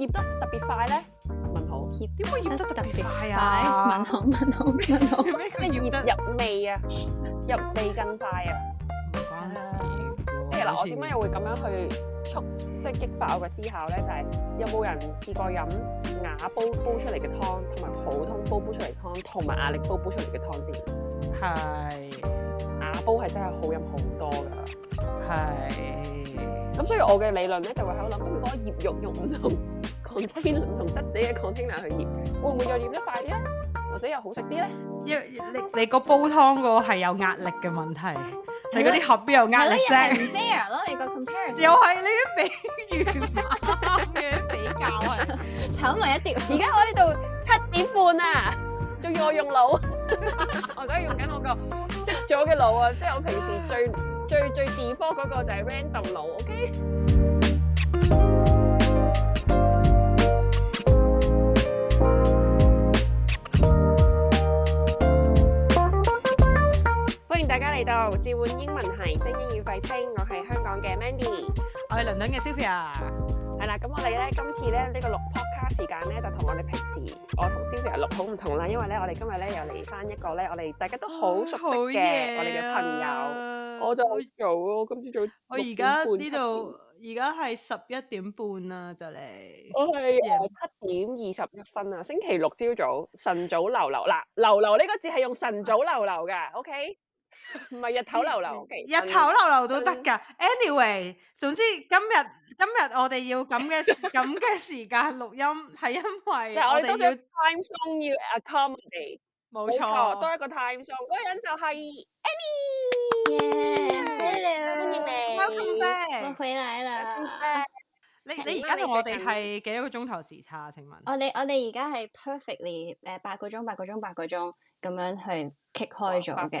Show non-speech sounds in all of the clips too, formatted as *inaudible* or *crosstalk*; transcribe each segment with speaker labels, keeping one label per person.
Speaker 1: 醃得特別快咧，問號，醃點解醃得
Speaker 2: 特別快啊？問號問號問
Speaker 1: 號咩醃入味啊？入味更快啊！唔關事，即係嗱，我點解又會咁樣去促，即係激發我嘅思考咧？就係、是、有冇人試過飲瓦煲煲出嚟嘅湯，同埋普通煲煲出嚟嘅湯，同埋壓力煲煲出嚟嘅湯先？係瓦煲係真係好飲好多噶，係咁，所以我嘅理論咧就會喺度諗，如果醃肉用唔同。container 同質地嘅 container 去醃，會唔會又醃得快啲啊？或者又好食啲咧？因為
Speaker 3: 你你個煲湯個係有壓力嘅問題，係嗰啲盒邊有壓力啫。又係你個
Speaker 2: compare，又係你啲比喻，啱嘅比較啊，炒埋一碟。而家我呢度七
Speaker 1: 點半啊，仲要我用腦，我而家用緊我個識咗嘅腦啊，即係我平時最最最 default 嗰個就係 random 腦，OK。大家嚟到，召喚英文係精英語廢青，我係香港嘅 Mandy，我係倫敦嘅 Sophia，係啦，咁我哋咧今次咧呢個六 podcast 時間咧就同我哋平時我同 Sophia 錄好唔同啦，因為咧我哋今日咧又嚟翻一個咧我哋大家都好熟悉嘅我哋嘅朋友，我就可以做咯，今朝早我而家呢度而家係十一點半啊，就嚟，我係七點二十一分啊，星期六朝早晨早流流嗱流流呢個字係用晨早流流噶，OK？唔係日頭流流，日頭流流都得
Speaker 3: 噶。Anyway，總之今日今日我哋要咁嘅咁嘅時間錄音，係因為我哋要
Speaker 1: time zone 要 accommodate，冇錯，多一個 time zone，嗰
Speaker 2: 個人就係 Annie，你好，歡迎你，Welcome back，我回來啦。你你而家同我哋係
Speaker 3: 幾多個鐘頭時差？請問
Speaker 2: 我哋我哋而家係 perfectly 誒八個鐘八個鐘八個鐘咁樣去 kick 開咗嘅。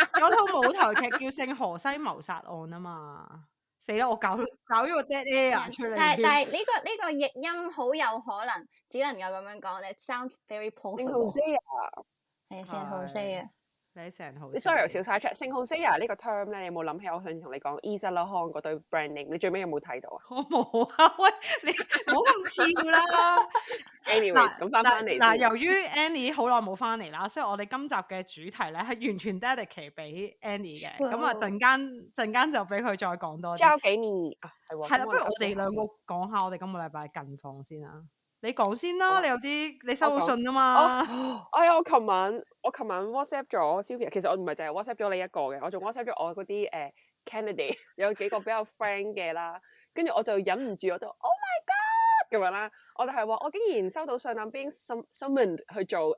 Speaker 3: 有 *laughs* 套舞台劇叫《聖荷西謀殺案》啊嘛，死啦！我搞搞呢個 dead air 出嚟。但係但係
Speaker 2: 呢個呢、這個譯音好有可能，只能夠咁樣講。你 sounds very possible 聖荷西啊。
Speaker 3: 係聖荷西啊。對你，你 sorry
Speaker 1: 少晒出。Saint Lucia 呢個 term 咧，你有冇諗起？我想同你講 Easter Con 嗰對 branding，你最尾有冇睇到啊？我冇、哦、啊！
Speaker 3: 喂，你冇咁俏啦。
Speaker 1: Anyways 咁翻翻嚟嗱， *laughs* anyway, 由於
Speaker 3: Annie 好耐冇翻嚟啦，所以我哋今集嘅主題咧係完全 dedicate 俾 Annie 嘅。咁 *laughs* 啊，陣間陣間就俾佢再講多。交幾年啊，係喎、 *laughs* 啊。係啦，不如我哋兩個講下我哋今個禮拜近況先啦。你講先啦，你有啲你收到信啊嘛？
Speaker 1: 哎呀，我琴晚我琴晚 whatsapp 咗 Sylvia，其實我唔係淨係 whatsapp 咗你一個嘅，我仲 whatsapp 咗我嗰啲誒 candidate 有幾個比較 friend 嘅啦。跟住我就忍唔住，我就 oh my god 咁樣啦。我就係話我竟然收到信，諗邊被 summoned 去做誒誒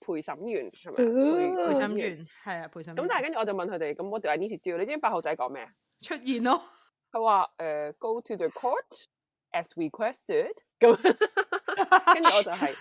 Speaker 1: 陪審員係咪？陪審員係啊，陪審
Speaker 3: 員。咁但係
Speaker 1: 跟住我就問佢哋，咁 what do I need to do？你知唔知八號仔講咩？出現咯，佢話誒 go to the court as requested 咁。跟住我就係，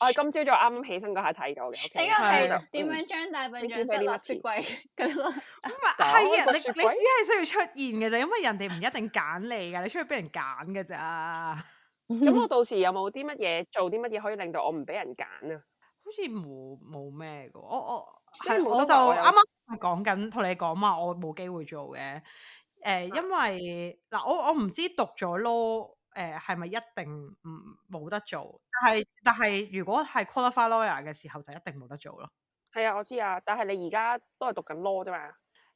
Speaker 1: 我今朝早啱啱起身嗰下
Speaker 3: 睇咗嘅。呢個係點樣
Speaker 2: 將大笨象變成落雪櫃
Speaker 3: 嗰個？唔係，係人你只係需要出現嘅啫，因為人哋唔一定揀你噶，你出去俾人揀嘅咋。
Speaker 1: 咁我到時有冇啲乜嘢做啲乜嘢可以令到我唔俾人揀啊？
Speaker 3: 好似冇冇咩噶。我我係我就啱啱講緊同你講話，我冇機會做嘅。誒，因為嗱，我我唔知讀咗 law 誒係咪一定唔冇得做？但係但係，如果係 qualify lawyer 嘅時候就一定冇得做咯。
Speaker 1: 係啊，我知啊，但係你而家都係讀緊 law 啫嘛。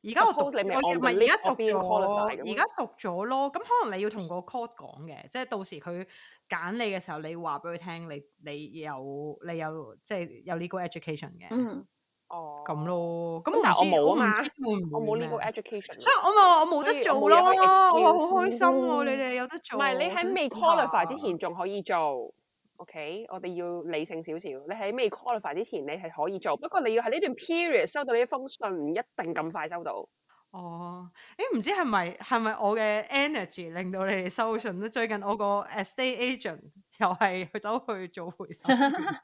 Speaker 1: 而家我讀我唔係而家讀咗 law，而家
Speaker 3: 讀咗 law。咁可能你要同個 court 講嘅，即係到時佢揀你嘅時候，你話俾佢聽，你你有你有即係、就是、有呢個 education 嘅。嗯。哦，咁咯，咁但係我冇吖嘛，我冇呢個 education，所以我咪
Speaker 1: 話我冇得做咯。我話好開心，你哋有得做。唔係，你喺未 qualify 之前仲可以做。OK，我哋要理性少少。你喺未 qualify 之前，你係可以做，不過你要喺呢段 period 收到你一封信，唔一定咁快收到。
Speaker 3: 哦，誒，唔知係咪係咪我嘅 energy 令到你哋收信咧？最近我個 estate agent 又係去走去做回審，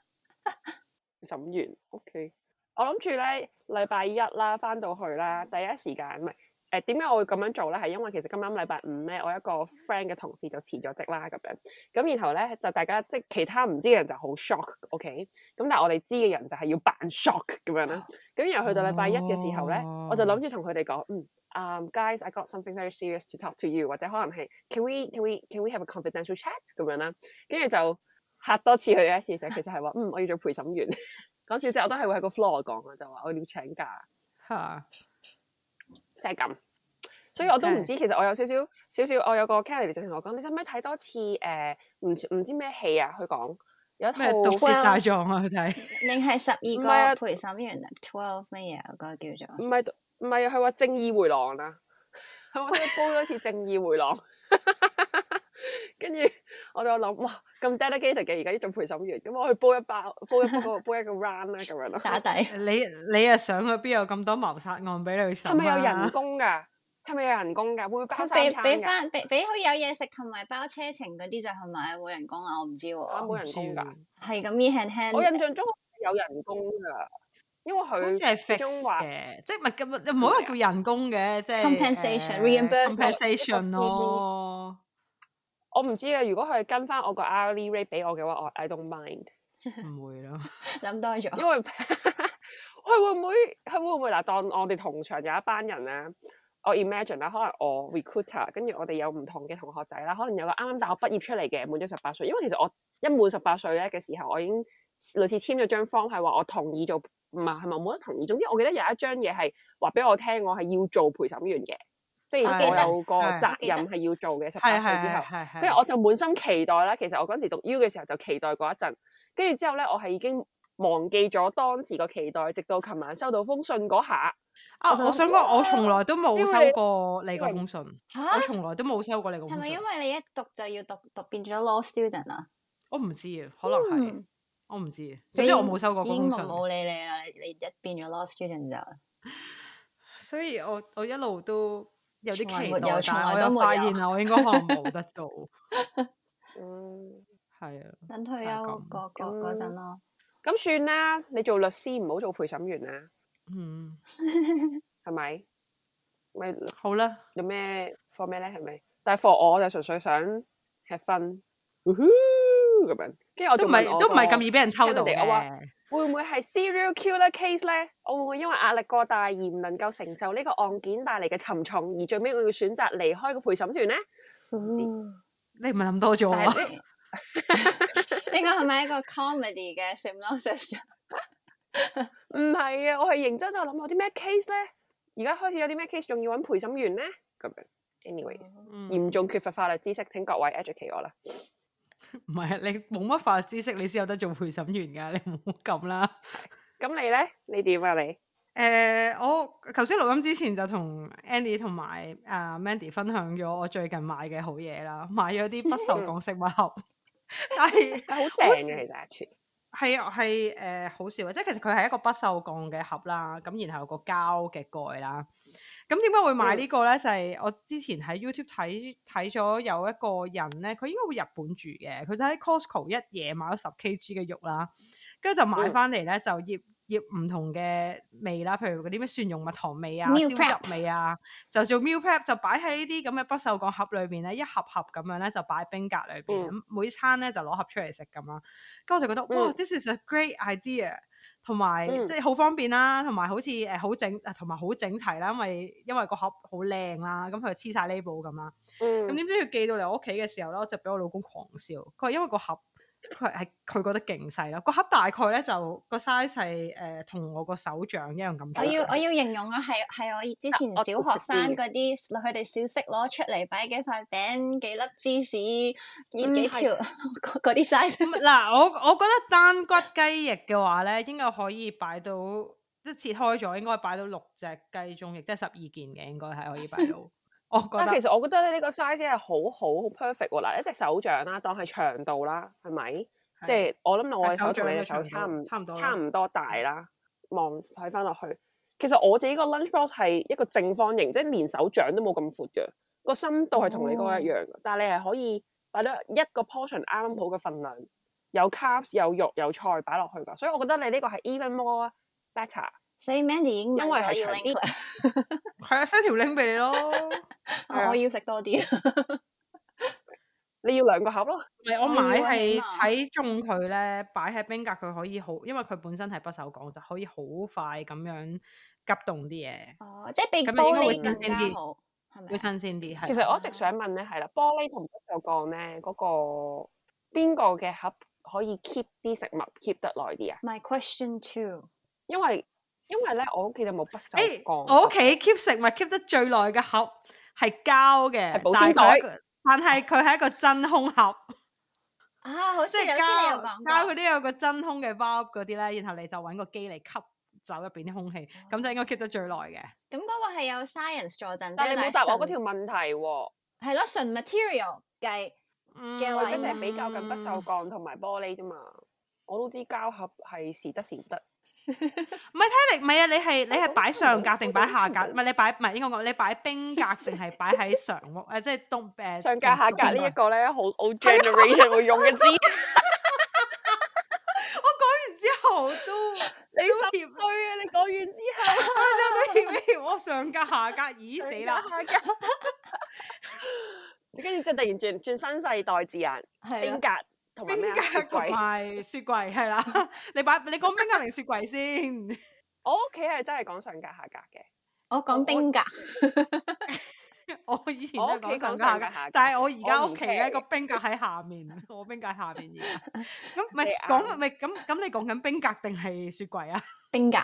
Speaker 3: 審完 OK。
Speaker 1: 我諗住咧，禮拜一啦，返到去啦，第一時間唔係誒點解我會咁樣做咧？係因為其實今晚禮拜五咧，我一個 friend 嘅同事就辭咗職啦，咁樣咁然後咧就大家即係其他唔知嘅人就好 shock，OK？Okay？咁但係我哋知嘅人就係要扮 shock 咁樣啦。咁然後去到禮拜一嘅時候咧，哦、我就諗住同佢哋講，嗯 u、um, guys，I got something very serious to talk to you，或者可能係 can we can we can we have a confidential chat 咁樣啦，跟住就嚇多次佢一次，就其實係話嗯我要做陪審員。 *laughs* 講笑即我都係會喺個 floor 講啊，就話我點請假，嚇哈，就係咁。所以我都唔知，嗯、其實我有少少少少，我有個 Candy 就同我講，你使唔使睇多次誒？唔、呃、唔知咩戲啊？佢講有一套《大狀》啊，去睇。 *laughs* 你係
Speaker 2: 十二個陪審
Speaker 1: 員啊？Twelve 咩嘢嗰
Speaker 2: 個叫做？
Speaker 1: 唔係唔係，佢話、啊《正義回廊》啊，我聽你煲多次《正義回廊》，跟住。我就諗哇，咁 dedicated 嘅而家呢種陪審員，咁我去煲一包，煲一煲個，煲一個 run 啦，
Speaker 2: 咁樣咯。打底。你
Speaker 3: 你啊想啊，邊有咁多謀殺案俾你審？係咪有人工
Speaker 2: 㗎？係咪有人工㗎？會包三餐㗎。俾俾翻俾俾佢有嘢食同埋包車程嗰啲就係冇人工啦，我唔知喎。啱冇人工㗎。係咁，me hand hand。我印象中有人工㗎，因為佢好似係 fixed 嘅，即係唔係咁
Speaker 3: 又唔可以叫人工嘅，即係 compensation reimbursement 咯。我唔知啊！如
Speaker 1: 果佢跟翻我個 hourly rate 俾我嘅話，我 I don't mind
Speaker 3: *laughs* 了。唔會咯，
Speaker 1: 諗多咗。因為佢 *laughs* 會唔會？佢會唔會嗱？當我哋同場有一班人咧，我 imagine 啦，可能我 recruiter 跟住我哋有唔同嘅同學仔啦，可能有個啱啱大學畢業出嚟嘅，滿咗十八歲。因為其實我一滿十八歲咧嘅時候，我已經類似簽咗張 form，係話我同意做唔係係咪冇得同意？總之我記得有一張嘢係話俾我聽，我係要做陪審員嘅。即係我有個責任係要做嘅，十八歲之後，跟住我就滿心期待啦。其實我嗰陣時讀 U 嘅時候就期待過一陣，跟住之後咧，我係已經忘記咗當時個期待，直到琴晚收到封信嗰下。啊，我想，我想講，我
Speaker 2: 從來都冇收過你個封信，我
Speaker 3: 從來都冇收過你個。係咪
Speaker 2: 蛤因為你一讀就要讀讀變咗 law student 啊？
Speaker 3: 我唔知啊，可能係、嗯、我唔知啊，因為我冇收過封信。冇
Speaker 2: 理你啦，你一變咗 law student 就。所以我我
Speaker 3: 一路都。
Speaker 2: 有啲
Speaker 3: 期待，
Speaker 1: 但係我有發現啊，我應該可能冇得做。係啊，等退休嗰個嗰陣咯。咁算啦，你做律師唔好做陪審員啊。嗯，係咪？咪好啦。有咩 for 咩咧？係咪？但係 for 我就純粹想 have fun，咁樣。跟住我都唔係都唔係咁易俾人抽到嘅。會唔會係 serial killer case 咧？我會唔會因為壓力過大而唔能夠承受呢個案件帶嚟嘅沉重，而最尾我要選擇離開個陪審團咧？ *noise* 嗯、
Speaker 3: 是你唔係諗多咗
Speaker 2: 啊？呢個係咪一個 comedy 嘅 simulation？
Speaker 1: 唔係啊，我係認真就諗下啲咩 case 咧？而家開始有啲咩 case 仲要揾陪審員咧？咁樣，anyways，嚴重缺乏法律知識，請各位 educate 我啦。
Speaker 3: 唔係你冇乜法律知識，你先有得做陪審員噶，你唔好咁啦。咁 *laughs* *laughs* 你咧，你點啊你？誒、呃，我頭先錄音之前就同 Andy 同埋啊、uh, Mandy 分享咗我最近買嘅好嘢啦，買咗啲不銹鋼食物盒， *laughs* 但係好正嘅其實係係誒好笑嘅，即係其實佢係一個不銹鋼嘅盒啦，咁然後有個膠嘅蓋啦。咁點解會買個呢個咧？就係、是、我之前喺 YouTube 睇睇咗有一個人咧，佢應該會日本住嘅，佢就喺 Costco 一夜買咗十 kg 嘅肉啦，跟住就買翻嚟咧就醃醃唔同嘅味啦，譬如嗰啲咩蒜蓉蜜糖味啊、M ew 燒汁味啊，ew 就做 meal prep 就擺喺呢啲咁嘅不鏽鋼盒裏邊咧，一盒盒咁樣咧就擺冰格裏邊，M ew 每餐咧就攞盒出嚟食咁啦。跟住我就覺得 M ew 哇，this is a great idea！同埋、嗯、即係好方便啦，同埋好似誒、呃、好整，同埋好整齊啦，因為因為個盒好靚啦，咁佢就黐晒呢部咁啦。咁點、嗯、知佢寄到嚟我屋企嘅時候咧，我就俾我老公狂笑。佢話因為個盒。佢係佢覺得勁細咯，個盒大概咧就個 size 誒，同、呃、我個手掌一樣咁大。我要我
Speaker 2: 要形容啊，係係我之前小學生嗰啲，佢哋小息攞出嚟擺幾塊餅、幾粒芝士、幾、嗯、幾條嗰啲 size。
Speaker 3: 嗱的、 *laughs* 嗯，我我覺得單骨雞翼嘅話咧，應該可以擺到即 *laughs* 切開咗，應該擺到六隻雞中翼，即係十二件嘅應該係可以擺到。 *laughs*
Speaker 1: 啊，其實我覺得你，呢個 size 係好好，好 perfect 喎。嗱，一隻手掌啦、啊，當係長度啦，係咪？是即係我諗，我嘅手同你嘅手差唔差唔多，度差唔多大啦。望睇翻落去，其實我自己個 lunch box 係一個正方形，即係連手掌都冇咁闊嘅。個深度係同你嗰個一樣嘅，哦、但係你係可以擺咗一個 portion 啱好嘅份量，有 carbs 有肉、有菜擺落去㗎。所以我覺得你呢個係
Speaker 2: even more better。所以 Mandy 已經因為係要啲，
Speaker 1: 係啊，send 條拎 i
Speaker 2: 俾你咯。我要食多啲，
Speaker 3: 你要兩個盒咯。唔，我買係睇中佢咧，擺喺冰格佢可以好，因為佢本身係不鏽鋼，就可以好快咁樣急凍啲嘢。哦，即係比玻璃更加好，會新鮮啲。其實我一直
Speaker 1: 想問咧，係啦，玻璃同不鏽鋼咧，嗰個邊個嘅盒可以 keep 啲食物 keep 得耐啲啊？My question
Speaker 3: two，因為。因為咧，我屋企就冇不鏽鋼，欸。我屋企 keep 食物 keep 得最耐嘅盒係膠嘅，係保鮮袋。但係佢係一個真空盒。啊，好即係膠膠，佢都有個真空嘅包嗰啲咧，然後你就揾個機嚟吸走入邊啲空氣，咁，哦，就應該 keep 得最耐嘅。
Speaker 2: 咁嗰，嗯，個係有 science 助陣，但係你冇答我嗰條問題。係咯，純 material 計嘅話或者就係比較緊不鏽
Speaker 1: 鋼同埋玻璃啫嘛。嗯，我都知膠盒係時得時唔得。
Speaker 3: 唔係聽力，唔係啊！你係你係擺上格定擺下格，唔係你擺唔係呢個我，你擺冰格定係擺喺上屋誒，即係東病。呃、上格下格呢一個咧， *laughs* 好好 generation *laughs* 會用嘅字。 *laughs* *laughs* 我講完之後都你謙虛啊！你講完之後，我真係都謙虛我上格下格，咦死
Speaker 1: 啦！你跟住即係突然轉轉新世代字眼，冰格。 *laughs* *laughs* 冰格同埋雪櫃係啦，你擺你講冰格定雪櫃先？我屋企係真係講上格下格嘅，
Speaker 2: *laughs* 我講冰格。
Speaker 3: *laughs* *laughs* 我以前屋企講上格下格，但係我而家屋企咧，個冰格喺下面，我，不 *laughs* 我冰格下面而家。咁咪講咪咁咁？你講緊冰格定係雪櫃啊？
Speaker 2: 冰格，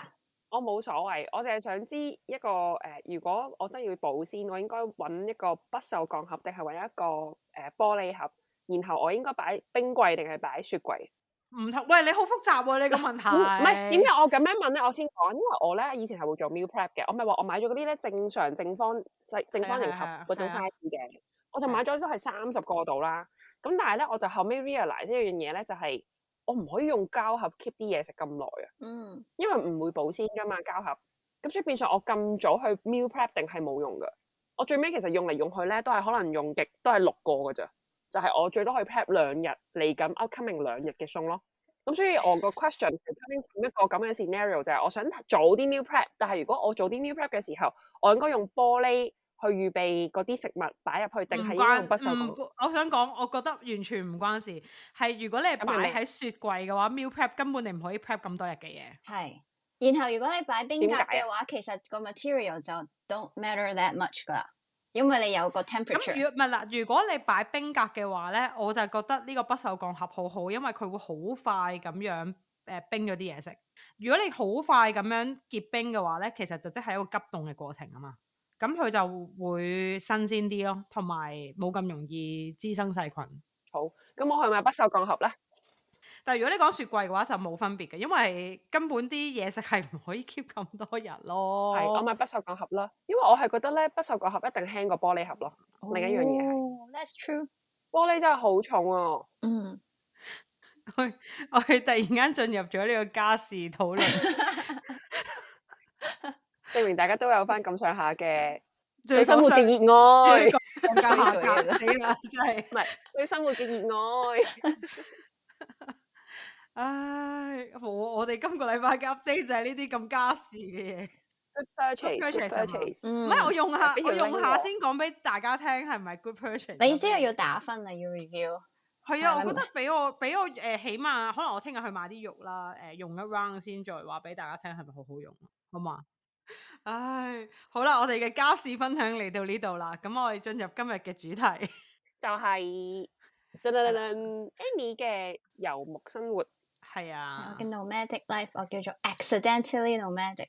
Speaker 1: 我冇所謂，我淨係想知一個誒、呃，如果我真係要保鮮，我應該揾一個不銹鋼盒定係揾一個誒、呃呃、玻璃盒然後我應該擺冰櫃定係擺雪櫃
Speaker 3: 唔同。喂，你好複雜啊！你個問題唔係，點解
Speaker 1: 我咁樣問咧？我先講，因為我咧以前係會做 meal prep 嘅，我咪話我買咗嗰啲咧正常正方正方形盒嗰種 size 嘅的的，我就買咗都係三十個度啦。咁但係咧我就後尾 realize 呢樣嘢咧，就係、是、我唔可以用膠盒 keep 啲嘢食咁耐啊，嗯，因為唔會保鮮噶嘛膠盒咁，所以變相我咁早去 meal prep 定係冇用噶。我最尾其實用嚟用去咧都係可能用極都係六個噶咋。就係我最多可以 prep 兩日，嚟緊 upcoming 兩日嘅餸咯。咁所以我個 question，佢 p l *laughs* a i n g 一個咁嘅 scenario 就係、是、我想早啲 meal prep，但係如果我早啲 meal prep 嘅時候，我應該用玻璃去預備嗰啲食物擺入去，定係用不鏽、嗯嗯、
Speaker 3: 我想講，我覺得完全唔關事。係如果你係擺喺雪櫃嘅話，meal prep、嗯、根本你唔可以 prep 咁多日嘅嘢。係。
Speaker 2: 然後如果你擺冰格嘅話，其實個 material 就 don't matter that much 噶。因為你有個 temperature，
Speaker 3: 咁唔係啦，如果你擺冰格嘅話咧，我就覺得呢個不鏽鋼盒好好，因為佢會好快咁樣誒冰咗啲嘢食。如果你好快咁樣結冰嘅話咧，其實就即係一個急凍嘅過程啊嘛，咁、嗯、佢、嗯、就會新鮮啲咯，同埋冇咁容易滋生細菌。好，咁我去買不鏽鋼盒啦。但如果你講雪櫃嘅話，就冇分別嘅，因為根本啲嘢食係唔可以 keep 咁多日咯。係，我買不鏽鋼盒啦，
Speaker 1: 因為我係覺得咧，不鏽鋼盒一定輕過玻璃盒咯。另一樣嘢係，That's true。玻璃真係好重哦。嗯。
Speaker 3: 我哋突然間進入咗呢個家事討論，證明大家都有翻咁上下嘅
Speaker 1: 對生活嘅熱愛，講家事講死啦，真
Speaker 3: 係。唔係對生活嘅熱愛。唉，我我哋今個禮拜嘅 update 就係呢啲咁家事嘅嘢。唔係我用下，我用下先講俾大家聽係咪 good purchase，你意思係要打
Speaker 2: 分，你要 review？
Speaker 3: 係 *coughs* 啊，我覺得俾我俾我誒、呃，起碼可能我聽日去買啲肉啦，誒、呃，用一 round 先再話俾大家聽係咪好好用，好嘛？唉，好啦，我哋嘅家事分享嚟到呢度啦，咁我哋進入今日嘅主題，
Speaker 1: 就係 Annie 嘅遊牧生活。係啊，嘅
Speaker 2: nomadic life 我叫做 accidentally nomadic。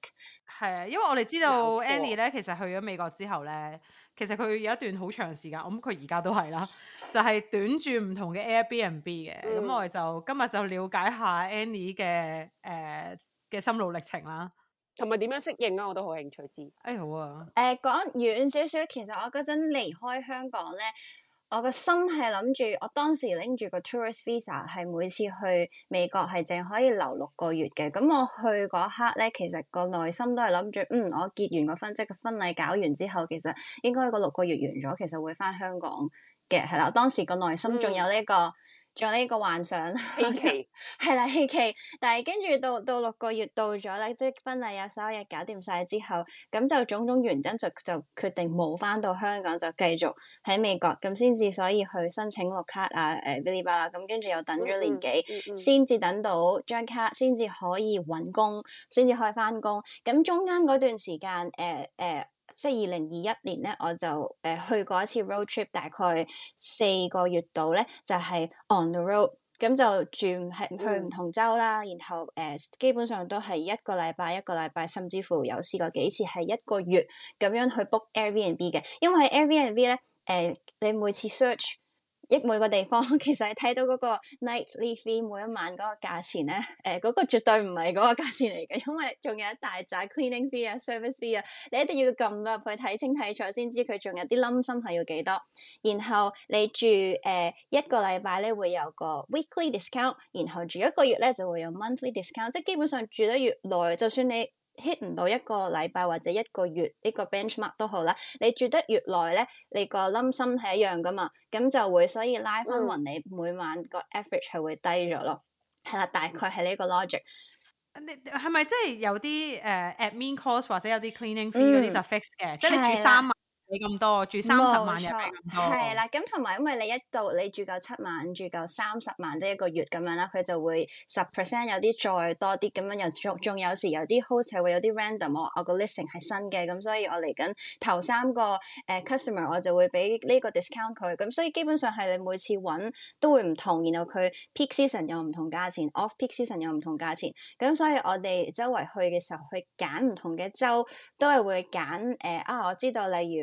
Speaker 2: 係啊，因為我哋知道 Annie 咧，其實去咗
Speaker 3: 美國之後咧，其實佢有一段好長時間，我諗佢而家都係啦，就係、是、短住唔同嘅 Airbnb 嘅。咁、嗯、我哋就今日就了解下 Annie 嘅誒嘅、呃、心路歷程啦，同埋點樣適應啊，我都好興趣知。誒、哎、好啊。
Speaker 2: 誒、呃、講遠少少，其實我嗰陣離開香港咧。我個心係諗住，我當時拎住個 tourist visa 係每次去美國係淨可以留六個月嘅，咁我去嗰刻咧，其實個內心都係諗住，嗯，我結完個婚，即係個婚禮搞完之後，其實應該個六個月完咗，其實會翻香港嘅，係啦，我當時個內心仲有呢、呢個。嗯仲有呢個幻想啦期、 *laughs* 嗯，期係啦期，但係跟住到到六個月到咗即啦，婚禮啊、所有嘢搞掂晒之後，咁就種種原因就就決定冇翻到香港，就繼續喺美國，咁先至所以去申請綠卡啊，誒 b i l l 啦，咁跟住又等咗年幾，先至、嗯嗯嗯、等到張卡，先至可以揾工，先至可以翻工，咁中間嗰段時間，誒、啊、誒。啊即係二零二一年咧，我就誒、呃、去過一次 road trip，大概四個月度咧，就係、是、on the road，咁就住係去唔同州啦。嗯、然後誒、呃，基本上都係一個禮拜一個禮拜，甚至乎有試過幾次係一個月咁樣去 book Airbnb 嘅，因為 Airbnb 咧誒、呃，你每次 search。一每個地方，其實你睇到嗰個 nightly fee 每一晚嗰個價錢咧，誒、呃、嗰、那個絕對唔係嗰個價錢嚟嘅，因為仲有一大扎 cleaning fee 啊、service fee 啊，你一定要撳入去睇清睇楚先知佢仲有啲冧心係要幾多。然後你住誒、呃、一個禮拜咧會有個 weekly discount，然後住一個月咧就會有 monthly discount，即係基本上住得越耐，就算你。hit 唔到一個禮拜或者一個月呢個 benchmark 都好啦，你住得越耐咧，你個冧心係一樣㗎嘛，咁就會所以拉翻勻你、嗯、每晚個 average 係會低咗咯，係啦、嗯，大概係呢個 logic。
Speaker 3: 你係咪即係有啲誒、uh, admin cost 或者有啲 cleaning fee 嗰啲、嗯、就 fix 嘅的？即係你住三晚。你咁多住三十晚又係咁多，係啦，
Speaker 2: 咁同埋因為你一度你住夠七晚，住夠三十晚即係、就是、一個月咁樣啦，佢就會十 percent 有啲再多啲咁樣有，又仲有時有啲 host 係會有啲 random，我個 listing 係新嘅，咁所以我嚟緊頭三個誒、呃、customer 我就會俾呢個 discount 佢，咁所以基本上係你每次搵都會唔同，然後佢 peak season 又唔同價錢，off peak season 又唔同價錢，咁所以我哋周圍去嘅時候去揀唔同嘅州，都係會揀誒、呃、啊我知道例如。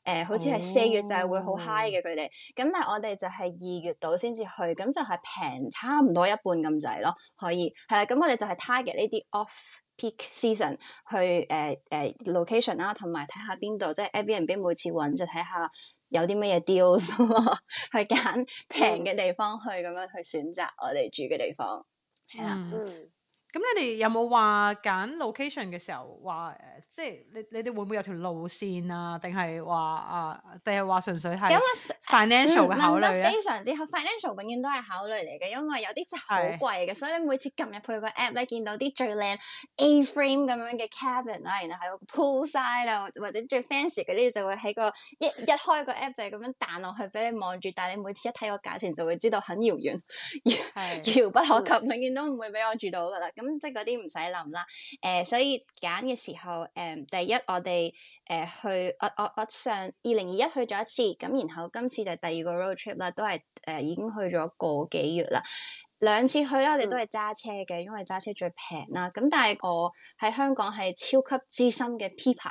Speaker 2: 誒、呃，好似係四月就係會好 high 嘅，佢哋，咁、oh. 但係我哋就係二月度先至去，咁就係平差唔多一半咁滯咯，可以係啦。咁我哋就係 target 呢啲 off peak season 去誒誒、呃呃、location 啦，同埋睇下邊度，即係 Airbnb 每次揾就睇下有啲乜嘢 deals *laughs* 去揀平嘅地方去咁樣、mm. 去選擇我哋住嘅地方，
Speaker 3: 係啦，嗯。Mm. 咁你哋有冇話揀 location 嘅時候話誒，即係你你哋會唔會有條路線啊？定係話啊？定係話純粹係 financial 嘅考慮咧？嗯、問得非常
Speaker 2: 之好，financial 永遠都係考慮嚟嘅，因為有啲真係好貴嘅，的所以你每次撳入去個 app 咧，見到啲最靚 A-frame 咁樣嘅 cabin 啦，然後喺個 poolside 啊，或者最 fancy 嗰啲就會喺個一一開個 app 就係咁樣彈落去俾你望住，但係你每次一睇個價錢就會知道很遙遠，的遙不可及，永遠都唔會俾我住到㗎啦。咁即係嗰啲唔使諗啦。誒、呃，所以揀嘅時候，誒、呃、第一我哋誒、呃、去我我我上二零二一去咗一次，咁然後今次就係第二個 road trip 啦，都係誒、呃、已經去咗個幾月啦。兩次去啦，我哋都係揸車嘅，因為揸車最平啦。咁但係我喺香港係超級資深嘅 P 牌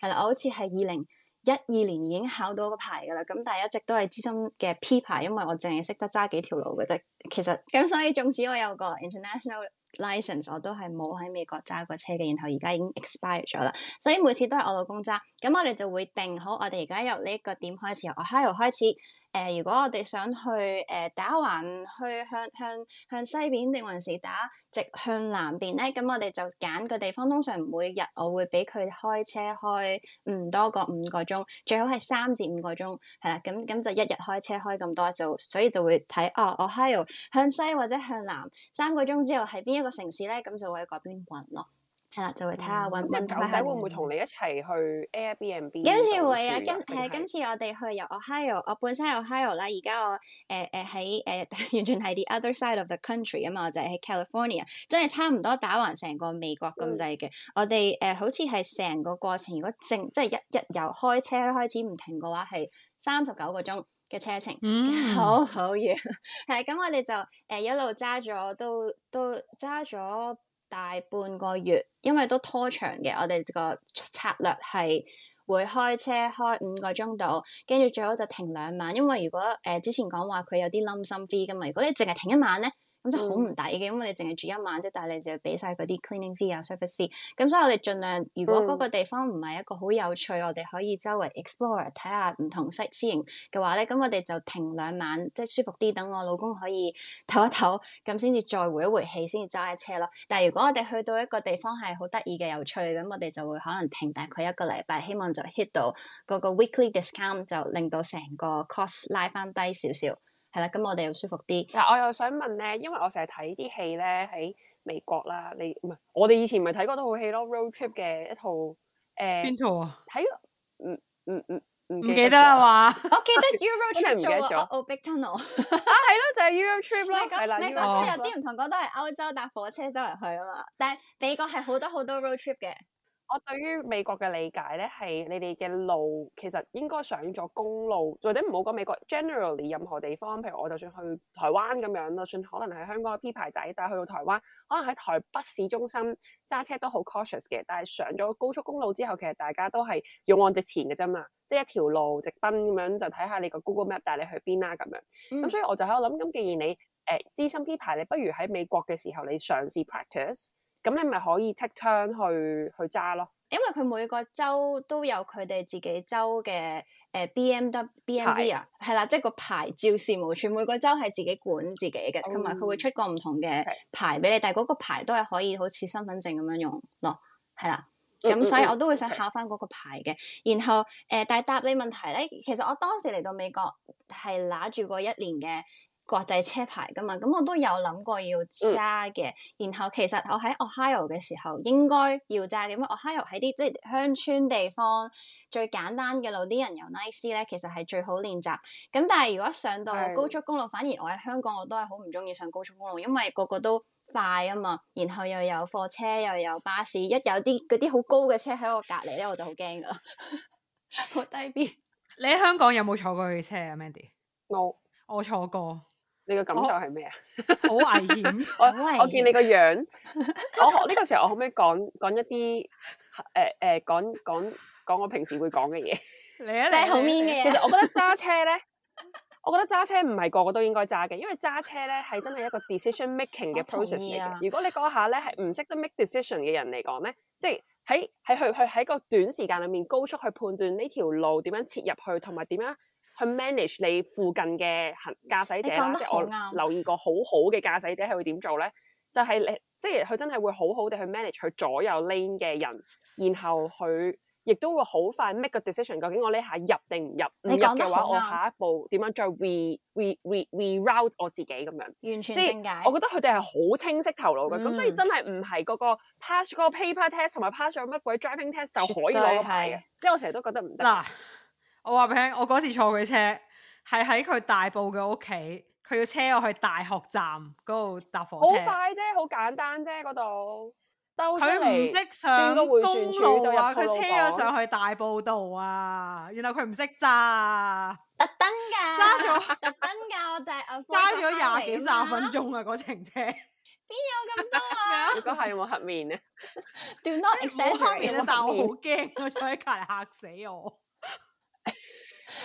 Speaker 2: 係啦，我好似係二零一二年已經考到個牌㗎啦。咁但係一直都係資深嘅 P 牌，因為我淨係識得揸幾條路嘅啫。其實咁所以，縱使我有個 international license 我都係冇喺美國揸過車嘅，然後而家已經 expire 咗啦，所以每次都係我老公揸，咁我哋就會定好，我哋而家由呢一個點開始，由 Ohio 開始。誒、呃，如果我哋想去誒、呃、打橫去向向向西邊定還是打直向南邊咧，咁我哋就揀個地方。通常每日我會俾佢開車開唔多過五個鐘，最好係三至五個鐘係啦。咁咁就一日開車開咁多就，所以就會睇哦 Ohio 向西或者向南三個鐘之後喺邊一個城市咧，咁就會喺嗰邊搵咯。係啦，就會睇下揾揾啲朋友。仔、嗯、會唔會同你一齊去 Airbnb？今次會啊，今係是今次我哋去由 Ohio，我本身喺 Ohio 啦，而家我誒誒喺誒完全喺 the other side of the country 啊嘛，我就係喺 California，真係差唔多打橫成個美國咁滯嘅。嗯、我哋誒、呃、好似係成個過程，如果正即係一日由開車開始唔停嘅話，係三十九個鐘嘅車程。嗯、好好遠。係 *laughs* 咁， *laughs* 我哋就誒一路揸咗，都都揸咗，大半個月，因為都拖長嘅，我哋個策略係會開車開五個鐘度，跟住最好就停兩晚。因為如果誒、呃、之前講話佢有啲冧心飛嘅嘛，如果你淨係停一晚咧。咁、嗯、就好唔抵嘅，因為你淨係住一晚啫，但係你就要俾晒嗰啲 cleaning fee 啊、service fee。咁所以我哋盡量，如果嗰個地方唔係一個好有趣，嗯、我哋可以周圍 explore 睇下唔同西姿型嘅話咧，咁我哋就停兩晚，即係舒服啲，等我老公可以唞一唞，咁先至再回一回氣，先至揸一車咯。但係如果我哋去到一個地方係好得意嘅、有趣，咁我哋就會可能停大概一個禮拜，希望就 hit 到嗰個 weekly discount，就令到成個 cost 拉翻低少少。係啦，咁我哋又舒服啲。但、嗯、
Speaker 1: 我又想問咧，因為我成日睇啲戲咧，喺美國啦，你唔係我哋以前咪睇過套戲咯，road trip 嘅一套誒邊套啊？睇？
Speaker 3: 唔唔唔唔記得啊嘛？
Speaker 2: 記我記得 Euro trip 唔記得咗。啊，Big Tunnel 啊，係、uh、咯、oh, *laughs* 啊，就係、是、Euro trip 咯、啊。你覺得？講真， *music* 美國有啲唔同，講都係歐洲搭火車周圍去啊嘛。但係美國係好多好多 road trip 嘅。
Speaker 1: 我對於美國嘅理解咧，係你哋嘅路其實應該上咗公路，或者唔好講美國，generally 任何地方，譬如我就算去台灣咁樣，就算可能係香港 P 牌仔，但係去到台灣，可能喺台北市中心揸車都好 cautious 嘅，但係上咗高速公路之後，其實大家都係勇往直前嘅啫嘛，即係一條路直奔咁樣就睇下你個 Google Map 帶你去邊啦咁樣。咁所以我就喺度諗，咁既然你誒資深 P 牌，你不如喺美國嘅時候你嘗試 practice。咁、嗯、你咪可以 take turn 去去揸咯，
Speaker 2: 因為佢每個州都有佢哋自己州嘅誒、呃、B M W B M V 啊，係啦牌，即係個牌照事務處，每個州係自己管自己嘅，同埋佢會出個唔同嘅牌俾你，但係嗰個牌都係可以好似身份證咁樣用咯，係啦，咁、嗯、所以我都會想考翻嗰個牌嘅。嗯嗯嗯、然後誒、呃，但係答你問題咧，其實我當時嚟到美國係揦住個一年嘅。國際車牌噶嘛，咁我都有諗過要揸嘅。嗯、然後其實我喺 Ohio 嘅時候應該要揸嘅，嗯、因為 Ohio 喺啲即係鄉村地方最簡單嘅路，啲人由 nice 咧，其實係最好練習。咁但係如果上到高速公路，是反而我喺香港我都係好唔中意上高速公路，因為個個都快啊嘛，然後又有貨車又有巴士，一有啲嗰啲好高嘅車喺我隔離咧，我就好驚噶啦。
Speaker 3: 好 *laughs* 低 B！你喺香港有冇坐過佢嘅車啊，Mandy？冇，No. 我坐過。你個感受係咩
Speaker 1: 啊？好危險！ *laughs* 我好危險我，我見你個樣， *laughs* 我呢個時候我可唔可以講講一啲誒誒講講講我平時會講嘅嘢？
Speaker 3: 嚟啊嚟！後面嘅其實我覺得揸車
Speaker 1: 咧， *laughs* 我覺得揸車唔係個，個個都應該揸嘅，因為揸車咧係真係一個 decision making 嘅 process 嚟嘅。啊、如果你嗰下咧係唔識得 make decision 嘅人嚟講咧，即係喺喺去去喺個短時間裏面高速去判斷呢條路點樣切入去同埋點樣。去 manage 你附近嘅行駕駛者啦，即係我留意過好好嘅駕駛者係會點做咧？就係、是、你即係佢真係會好好地去 manage 佢左右 lane 嘅人，然後佢亦都會好快 make 個 decision，究竟我呢下入定唔入？你唔入嘅話，我下一步點樣再 re re re reroute 我自己咁樣？完全正解。我覺得佢哋係好清晰頭腦嘅，咁、嗯、所以真係唔係嗰個 pass 嗰個 paper test 同埋 pass 咗乜鬼 driving test 就可以攞個牌嘅，即係對我成日都覺得唔
Speaker 3: 得。 *laughs* 我話俾你聽，我嗰時坐佢車，係喺佢大埔嘅屋企，佢要車我去大學站嗰度搭火車。好快
Speaker 1: 啫，好簡單啫，嗰
Speaker 3: 度。佢唔識上公路就入佢車咗上去大埔道啊，原來佢唔識揸。特
Speaker 2: 登㗎。揸咗特登㗎，我就係。揸咗廿幾卅分鐘
Speaker 3: 啊，嗰程車。邊有
Speaker 2: 咁多啊？如果係
Speaker 1: 喎，
Speaker 3: 黑面啊
Speaker 2: ，Do not exaggerate 啊！但我好
Speaker 3: 驚，我坐喺隔離嚇死我。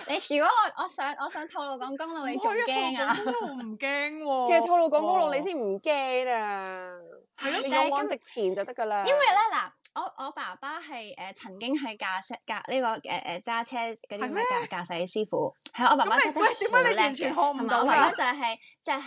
Speaker 2: 你如果我我想我想透露講公路講，你仲驚 *laughs* 啊？
Speaker 1: 唔驚喎。其實透露講公路，你先唔驚啊。係咯，你咁值
Speaker 2: 錢就得噶啦。因為咧嗱，我我爸爸係誒、呃、曾經係駕車駕呢個誒誒揸車嗰啲駕駕駛師傅，係嗎我爸爸你。咁你點解你完全學唔到咧、就是？就係即係，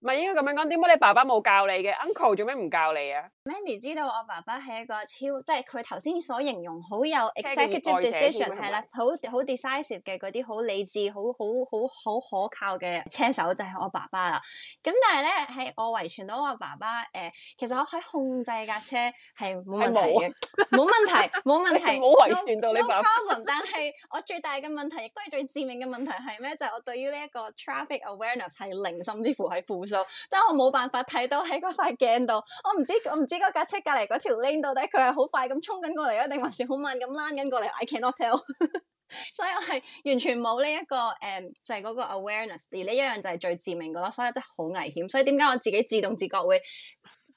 Speaker 1: 唔係應該咁樣講？點解你爸爸冇教你嘅 uncle 做咩唔教你啊？
Speaker 2: Mandy 知道我爸爸係一個超，即係佢頭先所形容好有 executive decision 係啦，好好 decisive 嘅嗰啲好理智，好好好好可靠嘅車手就係、是、我爸爸啦。咁但係咧，喺我遺傳到我爸爸誒、呃，其實我可以控制架車係冇問題嘅，冇、啊、問題，冇問題。冇遺傳到你爸爸。但係我最大嘅問題，亦都係最致命嘅問題係咩？就係、是、我對於呢一個 traffic awareness 係零，甚至乎係負數，即係我冇辦法睇到喺嗰塊鏡度，我唔知，我唔知。呢個架車隔籬嗰條 link 到底佢係好快咁衝緊過嚟啊，定還是好慢咁拉緊過嚟？I cannot tell。 *laughs* 所以我係完全冇呢一個誒、嗯，就係、是、嗰個 awareness。而呢一樣就係最致命噶咯，所以真係好危險。所以點解我自己自動自覺會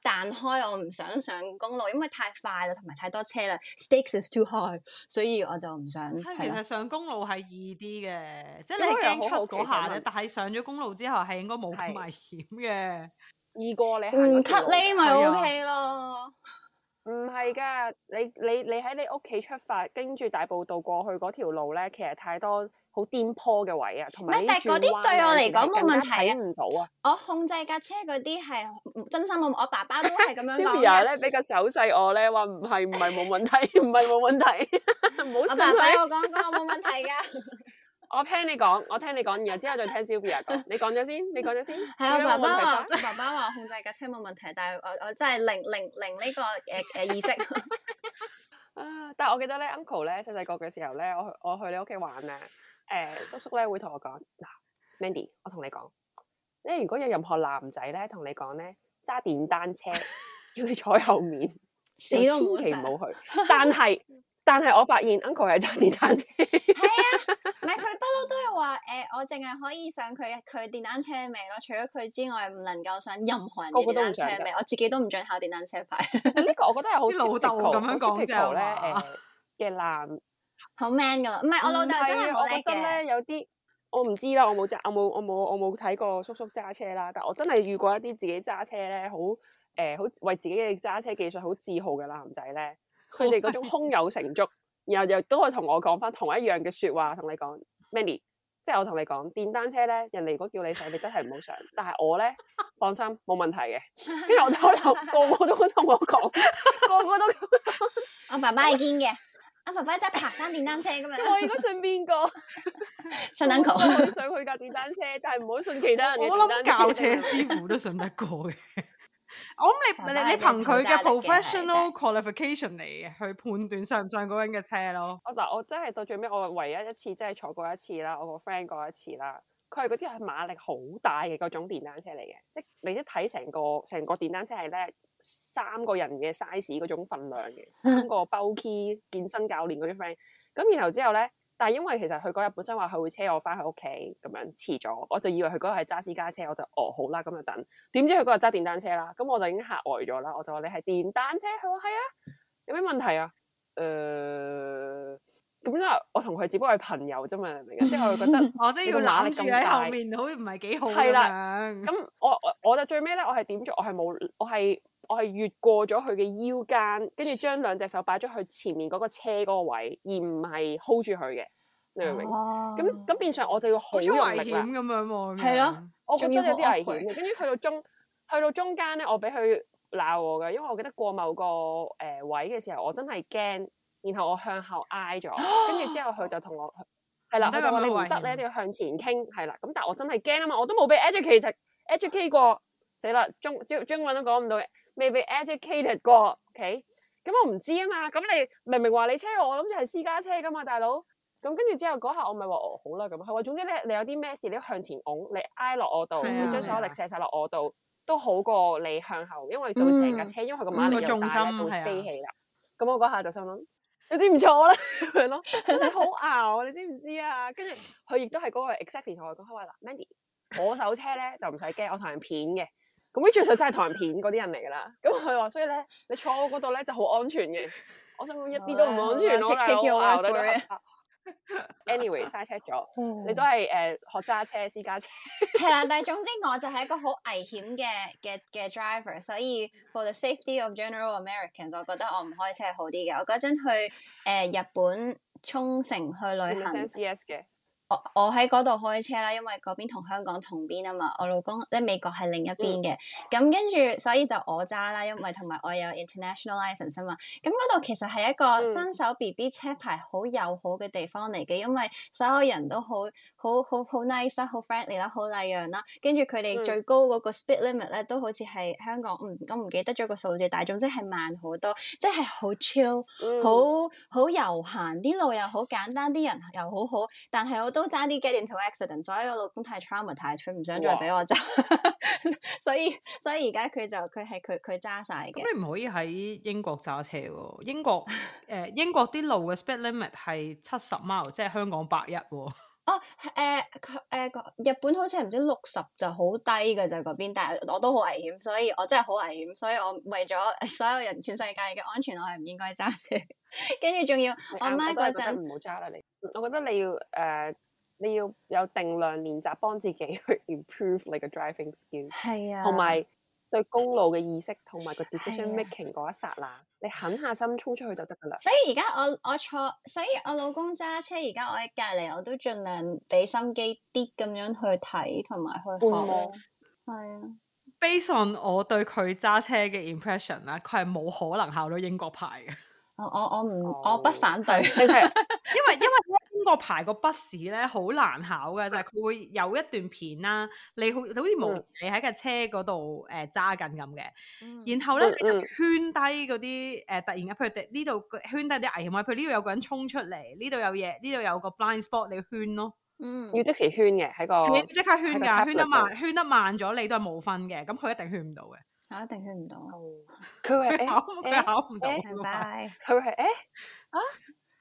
Speaker 2: 彈開，我唔想上公路，因為太快啦，同埋太多車啦，stakes is too high，所以我就唔想。其實
Speaker 3: 上公路係易啲嘅，即係驚出嗰下啫。但係上咗公路之後，係應該冇咁危險
Speaker 1: 嘅。二個你唔 cut 呢咪 OK 咯？唔係噶你你你喺你屋企出發，跟住大埔道過去嗰條路咧，其實太多好顛簸嘅位啊，同埋但轉彎啊，根本睇唔到
Speaker 2: 啊！我控制架車嗰啲係真心冇，我爸爸都係咁樣講。小爺咧
Speaker 1: 比較手細，我咧話唔係唔係冇問題，唔係冇問題，
Speaker 2: 唔好笑。 *laughs* 我爸爸我講講我冇問題噶。 *laughs*
Speaker 1: 我聽你講，我聽你講，然後之後再聽 Sylvia 講。你講咗先，你講咗先。係啊， *laughs* 我爸爸，
Speaker 2: 爸爸話控制架車冇問題，但係我我真係零零零呢、這個誒誒、呃、意識。
Speaker 1: 啊！ *laughs* 但係我記得咧 *laughs* ，Uncle 咧細細個嘅時候咧，我去我去你屋企玩咧，誒、呃、叔叔咧會同我講，嗱，Mandy，我同你講，你如果有任何男仔咧同你講咧揸電單車，叫你坐後面，
Speaker 2: 死都唔唔好去。
Speaker 1: *laughs* 但係是。 *laughs* 但係我發現 uncle 係揸電單車，係
Speaker 2: *laughs* 啊，唔係佢不嬲都係話誒，我淨係可以上佢佢電單車尾咯，除咗佢之外，唔能夠上任何人嘅電單車尾。個個我自己都唔準考電單車牌。
Speaker 1: 呢 *laughs* 個我覺得係好 typical 老豆咁樣講就咧誒嘅男
Speaker 2: 好 man 㗎。唔係我老豆真係我覺得
Speaker 1: 咧有啲我唔知啦，我冇揸，我冇我冇我冇睇過叔叔揸車啦，但我真係遇過一啲自己揸車咧好誒，好、呃、為自己嘅揸車技術好自豪嘅男仔咧。佢哋嗰種胸有成竹，然後又都可以同我講翻同一樣嘅説話，同你講 *laughs* ，Mandy，即係我同你講電單車咧，人哋如果叫你上，你真係唔好上。但係我咧放心，冇問題嘅。跟住我都有個個都同我講，
Speaker 2: 個 *laughs* 個都，我爸爸係堅嘅，阿爸爸真係爬山電單車咁
Speaker 1: 樣。 *laughs* 我應該信邊個？ *laughs* 信單球。我想去架電單車，就係唔好信其他人，我諗教 *laughs* 車師
Speaker 3: 傅都信得過嘅。我諗你、嗯、你你憑佢嘅 professional、嗯、qualification 嚟去判斷上唔上嗰種嘅車咯。嗱，我真係到最
Speaker 1: 尾，我唯一一次真係坐過一次啦，我個 friend 過一次啦。佢係嗰啲係馬力好大嘅嗰種電單車嚟嘅，即、就、係、是、你一睇成個成個電單車係咧三個人嘅 size 嗰種份量嘅， *laughs* 三個 bulky 健身教練嗰啲 friend。咁然後之後咧。但係因為其實佢嗰日本身話佢會車我翻佢屋企咁樣，遲咗，我就以為佢嗰日係揸私家車，我就哦、啊、好啦咁就等。點知佢嗰日揸電單車啦，咁我就已經嚇呆咗啦。我就話你係電單車，佢話係啊，有咩問題啊？誒咁啦，我同佢只不過係朋友啫嘛，然之後佢覺得我真要攬住喺後面好、啊，好似唔係幾好咁樣。咁我我，我，我，我，我就最尾咧，我係點咗，我係冇，我係。我係越過咗佢嘅腰間，跟住將兩隻手擺咗佢前面嗰個車嗰個位，而唔係 hold 住佢嘅，你明唔明？哦、oh。咁咁變相我就要好危險
Speaker 3: 咁樣喎。係咯，了我覺得有啲危險嘅。跟
Speaker 1: 住去到中，去到中間咧，我俾佢鬧我噶，因為我記得過某個誒、呃、位嘅時候，我真係驚，然後我向後挨咗， *laughs* 跟住之後佢就同我係啦，我就話你唔得，你一定要向前傾，係啦。咁但我真係驚啊嘛，我都冇俾 educate，educate 過死啦，中朝中，中，中文都講唔到未被 educated 過，OK？咁我唔知啊嘛。咁你明明話你車我，我諗住係私家車噶嘛，大佬。咁跟住之後嗰下我咪話哦，好啦，咁佢話總之你你有啲咩事，你向前拱，你挨落我度，將所有力射晒落我度，都好過你向後，因為做成架車，因為佢個馬力又大，會飛起啦。咁我嗰下就想諗，有啲唔錯啦咁樣咯。你好熬，你知唔知啊？跟住佢亦都係嗰個 exactly 同我講，佢話啦，Mandy，我手車咧就唔使驚，我同人片嘅。咁最實真係唐片嗰啲人嚟㗎啦，咁佢話：所以咧，你坐我嗰度咧就好安全嘅。我想一啲都唔安全咯。
Speaker 2: Anyway，嘥車咗，
Speaker 1: 你都係誒學揸車、私家車。
Speaker 2: 係啦，但係總之我就係一個好危險嘅嘅嘅 driver，所以 for the safety of general Americans，我覺得我唔開車好啲嘅。我嗰陣去誒、呃、日本沖繩去旅行、 *laughs* 嗯。CS 嘅。我我喺嗰度開車啦，因為嗰邊同香港同邊啊嘛，我老公咧美國係另一邊嘅，咁、嗯、跟住所以就我揸啦，因為同埋我有 international license 啊嘛，咁嗰度其實係一個新手 B B 車牌好友好嘅地方嚟嘅，因為所有人都好好好好 nice 啦，好 friendly 啦，好禮讓啦，跟住佢哋最高嗰個 speed limit 咧都好似係香港，唔咁唔記得咗個數字，但係總之係慢好多，即係好 chill，好好悠閒，啲路又好簡單，啲人又好好，但係我。都差啲 get into accident，所以我老公太 traumatized，佢唔想再俾我揸哇， *laughs* 所以所以而家佢就佢係佢佢揸晒嘅。你
Speaker 3: 唔可以喺英國揸車喎，英國誒 *laughs* 英國啲路嘅 speed limit 係七十 mile，即係香港百一
Speaker 2: 喎。 *laughs* 哦誒誒、呃呃，日本好似唔知六十就好低嘅就嗰邊，但係我都好危險，所以我真係好危險，所以我為咗所有人全世界嘅安全，我係唔應該揸車。跟住仲要剛剛我媽嗰陣唔
Speaker 1: 好揸啦，你。我覺得你要誒。Uh 你要有定量練習幫自己去 improve 你嘅 driving skills，係啊，同埋對公路嘅意識同埋個 decision making 嗰一剎那，啊、你狠下心衝出去就得噶啦。所
Speaker 2: 以而家我我坐，所以我老公揸車，而家我喺隔籬，我都盡量俾心機啲咁樣去睇同埋去學。嗯、啊。
Speaker 3: Based on 我對佢揸車嘅 impression 啦，佢係冇可能考到英國牌
Speaker 2: 嘅、 *laughs* oh。我我我唔我不反對，因 *laughs* 為 right. *laughs* *laughs* 因為。
Speaker 3: *laughs* 英國排個筆試咧，好難考嘅就係佢會有一段片啦，你好好似無你喺架車嗰度誒揸緊咁嘅，然後咧圈低嗰啲誒突然間，譬如呢度圈低啲危險啊，譬如呢度有個人衝出嚟，呢度有嘢，呢度有個 blind spot 你圈咯，嗯，要即時圈嘅喺個，即刻圈噶，圈得慢圈得慢咗你都係冇分嘅，咁佢一定圈唔到嘅，一
Speaker 2: 定圈唔到，佢係考佢考唔
Speaker 3: 到，佢係誒啊。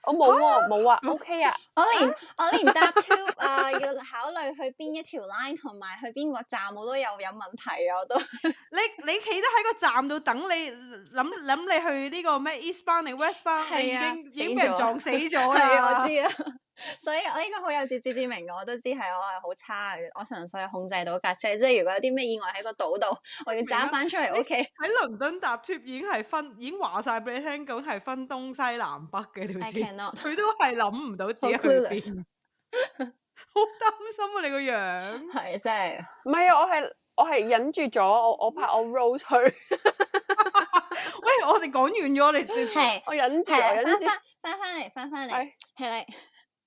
Speaker 2: 我冇喎，啊，冇啊，啊 *laughs* ，OK 啊，我連我連搭 Tube 啊，要考慮去邊一條 line 同埋去邊個站，我都有有問題啊，我都 *laughs* 你，
Speaker 3: 你你企得喺個站度等你諗諗你去呢個咩 Eastbound 定 Westbound，係啊，已經已經俾人撞死咗你了，啊， *laughs* 我知啊。
Speaker 2: 所以我呢個好有自知之明嘅，我都知係我係好差嘅。我純粹控制到架車，即係如果有啲咩意外喺個島度，我要揸翻出嚟。O K。喺倫敦搭 trip 已經係分，
Speaker 3: 已經話晒俾你聽，咁係分東西南北嘅，你知。I cannot 佢都係諗唔到自己去邊。好擔心啊！你個樣
Speaker 2: 係真係。唔係
Speaker 1: 啊！我係我係忍住咗，我我怕我 roll 佢。喂，我哋講完咗，你係我忍住，忍住，
Speaker 2: 翻翻嚟，翻翻嚟，係咪？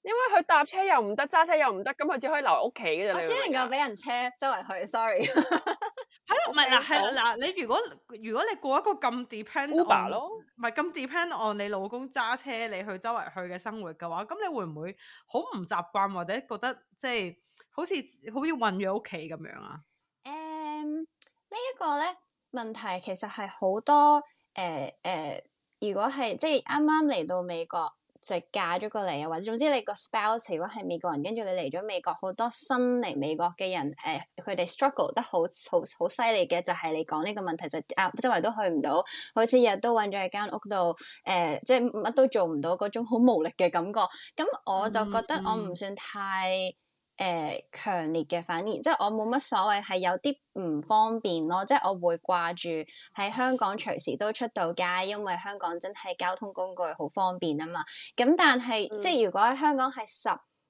Speaker 1: 因為佢搭車又唔得，揸車又唔得，咁佢只可以留喺屋企嘅咋。只能
Speaker 2: 夠俾人車周圍去，sorry。
Speaker 3: 係咯，唔係嗱，係嗱、嗯，你啦如果你如果你過一個咁 depend on, Uber 咯不，唔係咁 depend on 你老公揸車你去周圍去嘅生活嘅話，咁你會唔會好唔習慣或者覺得即係好似好似困喺屋企咁樣啊？
Speaker 2: 誒、嗯，嗯、呢一個咧問題其實係好多誒誒、呃呃，如果係即係啱啱嚟到美國。就嫁咗過嚟啊，或者總之你個 spouse 如果係美國人，跟住你嚟咗美國，好多新嚟美國嘅人，誒、呃、佢哋 struggle 得好好好犀利嘅，就係、是、你講呢個問題，就是、啊周圍都去唔、呃、到，好似日日都困咗喺間屋度，誒即係乜都做唔到，嗰種好無力嘅感覺。咁我就覺得我唔算太。嗯嗯誒強烈嘅反應，即係我冇乜所謂，係有啲唔方便咯，即係我會掛住喺香港隨時都出到街，因為香港真係交通工具好方便啊嘛。咁但係，即係如果喺香港係十。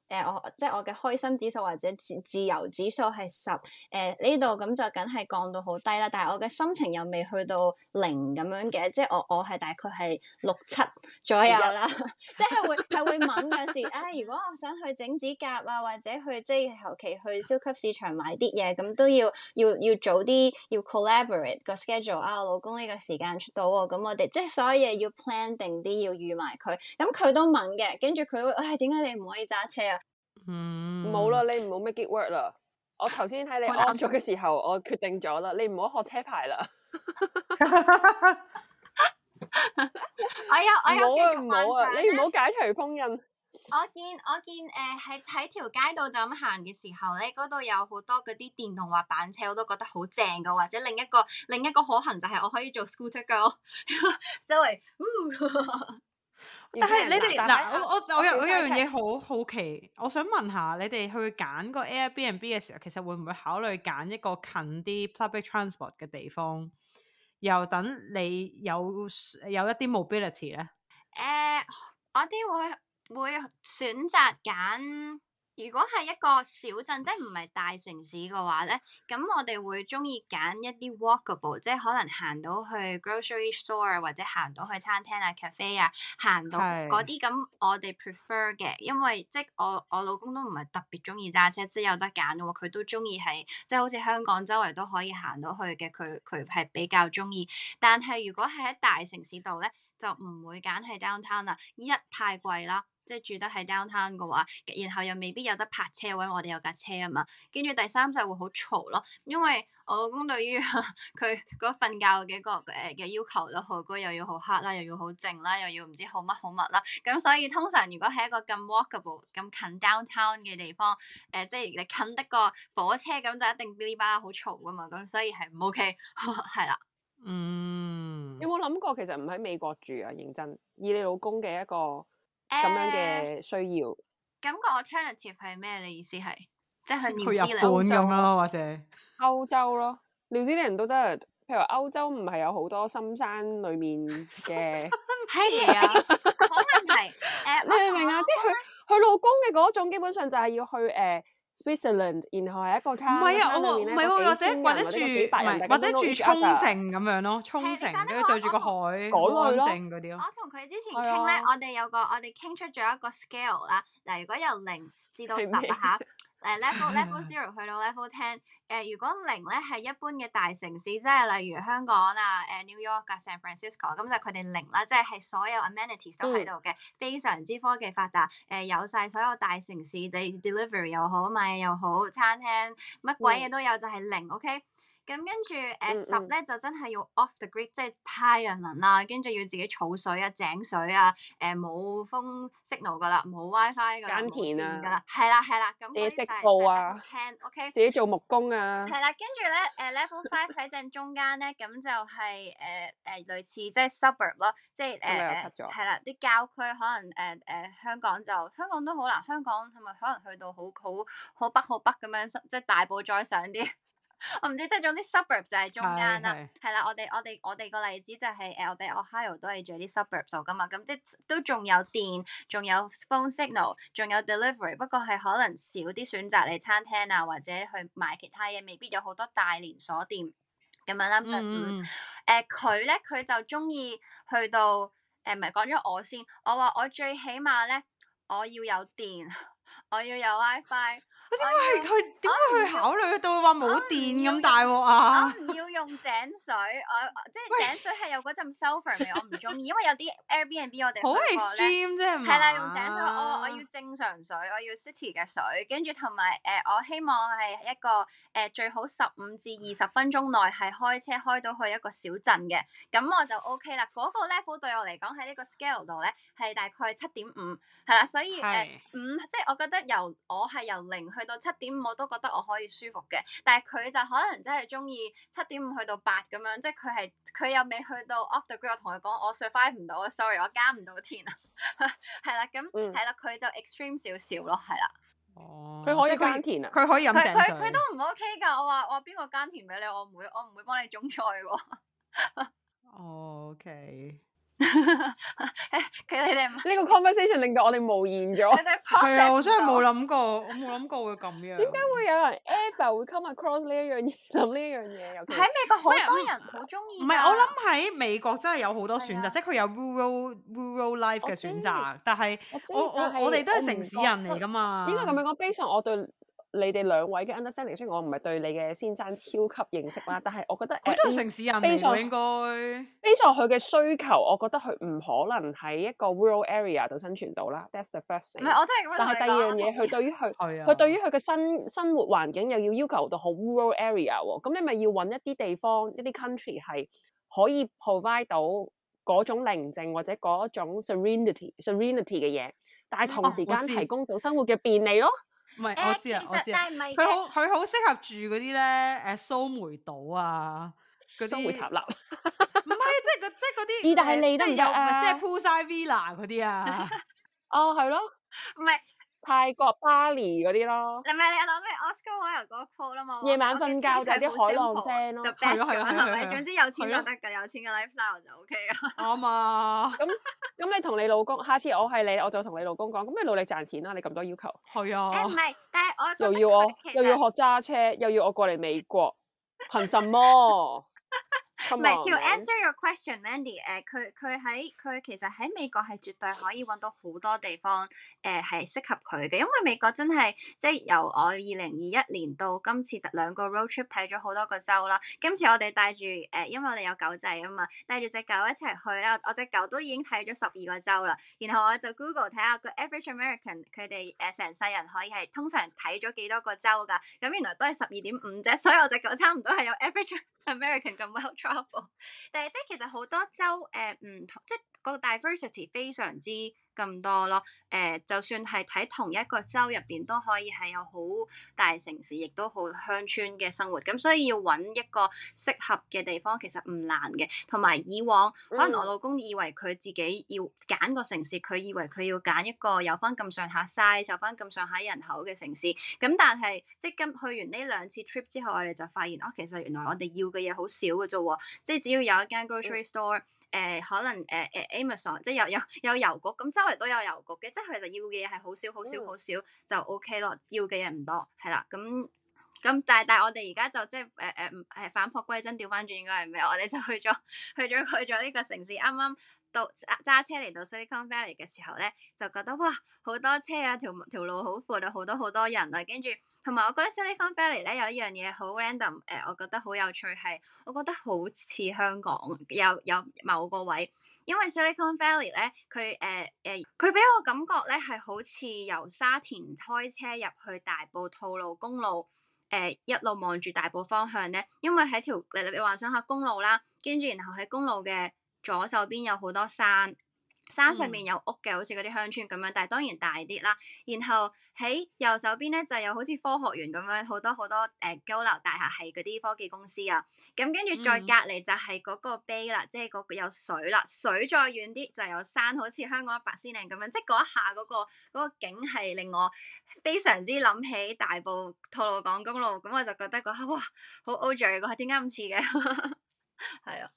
Speaker 2: 誒、呃、我即係我嘅開心指數或者自自由指數係十誒呢度咁就梗係降到好低啦，但係我嘅心情又未去到零咁樣嘅，即係我我係大概係六七左右啦， *laughs* 即係會係會悶有時啊、哎，如果我想去整指甲啊或者去即係求其去超級市場買啲嘢咁都要要要早啲要 collaborate 個 schedule 啊，我老公呢個時間出到喎、啊，咁我哋即係所有嘢要 plan 定啲要預埋佢，咁佢都悶嘅，跟住佢會唉，點、哎、解你唔可以揸車啊？冇啦、嗯，你唔好 make it work 啦。 *laughs* 我頭先睇你按咗嘅
Speaker 1: 時候，我決定咗啦，你唔好學車牌啦。 *laughs* *laughs* *laughs* 我有我有繼續幻， *laughs* 你唔好解除封印。
Speaker 2: *laughs* 我見我見誒，喺喺條街度就咁行嘅時候咧，嗰度有好多嗰啲電動滑板車，我都覺得好正㗎。或者另一個另一個可行就係我可以做 scooter *laughs* go，周系圍。 *laughs* *laughs* 但係你哋嗱，我我我有我有樣嘢好
Speaker 3: 好奇，我想問下你哋去揀個 Airbnb 嘅時候，其實會唔會考慮揀一個近啲 public transport 嘅地方，又等你有有一啲 mobility 咧？
Speaker 2: 誒、uh，我啲會會選擇揀。如果係一個小鎮，即係唔係大城市嘅話咧，咁我哋會中意揀一啲 walkable，即係可能行到去 grocery store 啊，或者行到去餐廳啊、咖啡啊，行到嗰啲咁，是我哋 prefer 嘅。因為即係我我老公都唔係特別中意揸車，即係有得揀嘅話，佢都中意係即係好似香港周圍都可以行到去嘅，佢佢係比較中意。但係如果係喺大城市度咧，就唔會揀係 downtown 啦，一太貴啦。即係住得喺 downtown 嘅話，然後又未必有得泊車位，我哋有架車啊嘛。跟住第三就會好嘈咯，因為我老公對於佢嗰瞓覺嗰幾個誒嘅要求就好高，又要好黑啦，又要好靜啦，又要唔知好乜好乜啦。咁所以通常如果喺一個咁 walkable 咁近 downtown 嘅地方，誒即係你近得個火車咁，就一定噼里啪啦好嘈噶嘛。咁所以係唔 OK，係啦。嗯。
Speaker 1: 有冇諗過其實唔喺美國住啊？認真以你老公嘅一個。咁樣嘅需要，
Speaker 2: 感覺 alternative 係咩？你意思係即
Speaker 1: 係去日本咁咯，或者歐洲咯？澳洲啲人都得，譬如歐洲唔係有好多深山裏面嘅係啊，冇問題。誒，你明唔明啊？即係佢佢老公嘅嗰種，基本上就係要去誒。Switzerland，然後係一個唔多啊，我咧，唔幾多人，或者住，或者住沖
Speaker 3: 繩咁樣咯，沖繩，對住個海，海景嗰啲咯。我
Speaker 2: 同佢之前傾咧，我哋有個，我哋傾出咗一個 scale 啦。嗱，如果由零至到十嚇。誒、uh, level level zero 去到 level ten，誒、uh, 如果零呢，係一般嘅大城市，即係例如香港啊、誒、啊、New York、啊、San Francisco，咁就佢哋零啦，即係係所有 amenities 都喺度嘅，非常之科技發達，誒、呃、有晒所有大城市，地 delivery 又好，買嘢又好，餐廳乜鬼嘢都有就，就係零，OK？咁跟住，誒十咧就真係要 off the grid，即係太陽能啦，跟住要自己儲水啊、井水啊，誒、呃、冇風 signal 噶啦，冇 WiFi 咁噶啦，係啦係啦，咁、啊嗯、自己織布啊，okay? 自己做木工啊，係啦、嗯，跟住咧，誒、呃、level five 喺正中間咧，咁就係誒誒類似即係 suburb 咯，即係誒係啦，啲、呃 *laughs* 呃呃呃、郊區可能誒誒、呃呃、香港就香港都好難，香港係咪可能去到，能去到好好好，好北好北咁樣，即係大埔再上啲。我唔知，即係總之 suburb 就係中間啦，哎，係啦，我哋我哋我哋個例子就係、是、誒，我哋 Ohio 都係住啲 suburb 度噶嘛，咁即，就是、都仲有電，仲有 phone signal，仲有 delivery，不過係可能少啲選擇嚟，餐廳啊，或者去買其他嘢，未必有好多大連鎖店咁樣啦。嗯誒，佢咧佢就中意去到誒，唔係講咗我先，我話我最起碼咧，我要有電，我要有 wifi。
Speaker 3: 點解係佢？點解去考慮到？冇電咁大鑊啊！
Speaker 2: 用井水，我即係井水係有嗰陣 sulphur 味，我唔中意，因為有啲 Airbnb 我哋好 extreme 啫，係啦， *music* 用井水，我我要正常水，我要 city 嘅水，跟住同埋誒，我希望係一個誒、呃、最好十五至二十分鐘內係開車開到去一個小鎮嘅，咁我就 OK 啦。嗰、那個 level 對我嚟講喺呢個 scale 度咧係大概七點五，係啦，所以誒五是的、嗯、即係我覺得由我係由零去到七點五我都覺得我可以舒服嘅，但係佢就可能真係中意七點。去到八咁樣，即係佢係佢又未去到 off the grid，我同佢講我 survive 唔到啊，sorry，我耕唔到田啊，係 *laughs* 啦，咁係啦，佢、嗯、就 extreme 少，少少咯，係啦，哦，
Speaker 1: 佢可以耕田啊，佢可以飲井水，佢都
Speaker 2: 唔 OK 噶，我話我邊個耕田俾你，我唔會我唔會，會幫你種菜喎、哦 *laughs* 哦
Speaker 1: ，OK。誒，佢你哋呢個 conversation 令到我哋無言咗。係啊，我真係冇諗過，
Speaker 3: 我冇諗過會咁樣。點
Speaker 1: 解會有人 ever 會 come across 呢一樣嘢，
Speaker 3: 諗呢樣嘢？尤其喺美國好多人好中意。
Speaker 2: 唔係，我諗
Speaker 3: 喺美國真係有好多選擇， *laughs* 即係佢有 rural，rural life 嘅選擇。Okay, 但係我我我哋我我都係城市人嚟噶嘛。應該咁
Speaker 1: 樣講非常……我對。你哋兩位嘅 understanding，雖然我唔係對你嘅先生超級認識啦，但係我覺得佢、呃、都係城市人嚟喎，非常應該。basically 佢嘅需求，我覺得佢唔可能喺一個 rural area 度生存到啦。That's the first thing。唔係，我真係，但係第二樣嘢，佢對於佢佢 *laughs* 對於佢嘅生生活環境又要要求到好 rural area 喎。咁你咪要揾一啲地方，一啲 country 係可以 provide 到嗰種寧靜或者嗰種 serenity serenity 嘅嘢，但係同時間提供到生活嘅便利咯。啊
Speaker 3: 唔係，我知啊，我知。佢好佢好適合住嗰啲咧，誒蘇梅島啊，嗰啲紅塔樓。唔係，即係即係嗰啲。意大利都得唔近？即係 Pullsai Villa 嗰啲啊？哦，係咯。唔係泰國巴黎嗰啲咯。唔係你諗咩？Oscar Wilde 嗰個 quote 啦
Speaker 2: 嘛。夜晚瞓覺就啲海浪聲咯。就 best 嘅係咪？總之有錢就得㗎，有錢嘅 lifestyle 就 OK 啊。啱
Speaker 1: 啊。咁。咁你同你老公，下次我係你，我就同你老公講，咁你努力賺錢啦！你咁多要求，係啊，唔 *noise* 係樂，但
Speaker 2: 係我又要我
Speaker 1: 又要學揸車，又要我過嚟美國， *laughs* 憑什麼？ *laughs* 唔係，to answer
Speaker 2: your question，Mandy，誒佢佢喺佢其實喺美國係絕對可以揾到好多地方，誒係適合佢嘅，因為美國真係即係由我二零二一年到今次兩個 road trip 睇咗好多個州啦。今次我哋帶住誒因為我哋有狗仔啊嘛，帶住隻狗一齊去咧，我隻狗都已經睇咗十二個州啦。然後我就 Google 睇下、啊、個 average American 佢哋誒成世人可以係通常睇咗幾多個州噶咁、啊、原來都係十二點五啫。所以我隻狗差唔多係有 average American 咁 well travel *laughs* 但係，即係其實好多州誒唔同，即、呃、係、嗯就是、個 diversity 非常之咁多咯，誒、呃，就算係喺同一個州入邊都可以係有好大城市，亦都好鄉村嘅生活，咁、嗯、所以要揾一個適合嘅地方其實唔難嘅。同埋以往，可能我老公以為佢自己要揀個城市，佢以為佢要揀一個有返咁上下 size、有返咁上下人口嘅城市，咁、嗯、但係即係咁去完呢兩次 trip 之後，我哋就發現哦、啊，其實原來我哋要嘅嘢好少嘅啫喎，即係只要有一間 grocery store。嗯。誒、呃、可能誒誒、呃、Amazon 即係有有有郵局，咁周圍都有郵局嘅，即係其實要嘅嘢係好少好少好少就 OK 咯，要嘅嘢唔多，係啦，咁咁但係但係我哋而家就即係誒誒係返璞歸真調翻轉，應該係咩？我哋就去咗去咗去咗呢個城市，啱啱。到揸車嚟到 Silicon Valley 嘅時候咧，就覺得哇好多車啊，條條路好闊啊，好多好多人啊，跟住同埋我覺得 Silicon Valley 咧有一樣嘢好 random，誒、呃、我覺得好有趣係，我覺得好似香港有有某個位，因為 Silicon Valley 咧，佢誒誒佢俾我感覺咧係好似由沙田開車入去大埔吐露公路，誒、呃、一路望住大埔方向咧，因為喺條你你幻想下公路啦，跟住然後喺公路嘅。左手邊有好多山，山上面有屋嘅，好似嗰啲鄉村咁樣，但係當然大啲啦。然後喺右手邊呢，就有好似科學園咁樣，好多好多誒高樓大廈係嗰啲科技公司啊。咁跟住再隔籬就係嗰個碑啦，嗯、即係嗰個有水啦。水再遠啲就有山，好似香港八仙嶺咁樣。即係嗰一下嗰、嗰個、嗰個景係令我非常之諗起大埔吐露港公路。咁我就覺得個哇好 old joke，點解咁似嘅？
Speaker 3: 係 *laughs* 啊。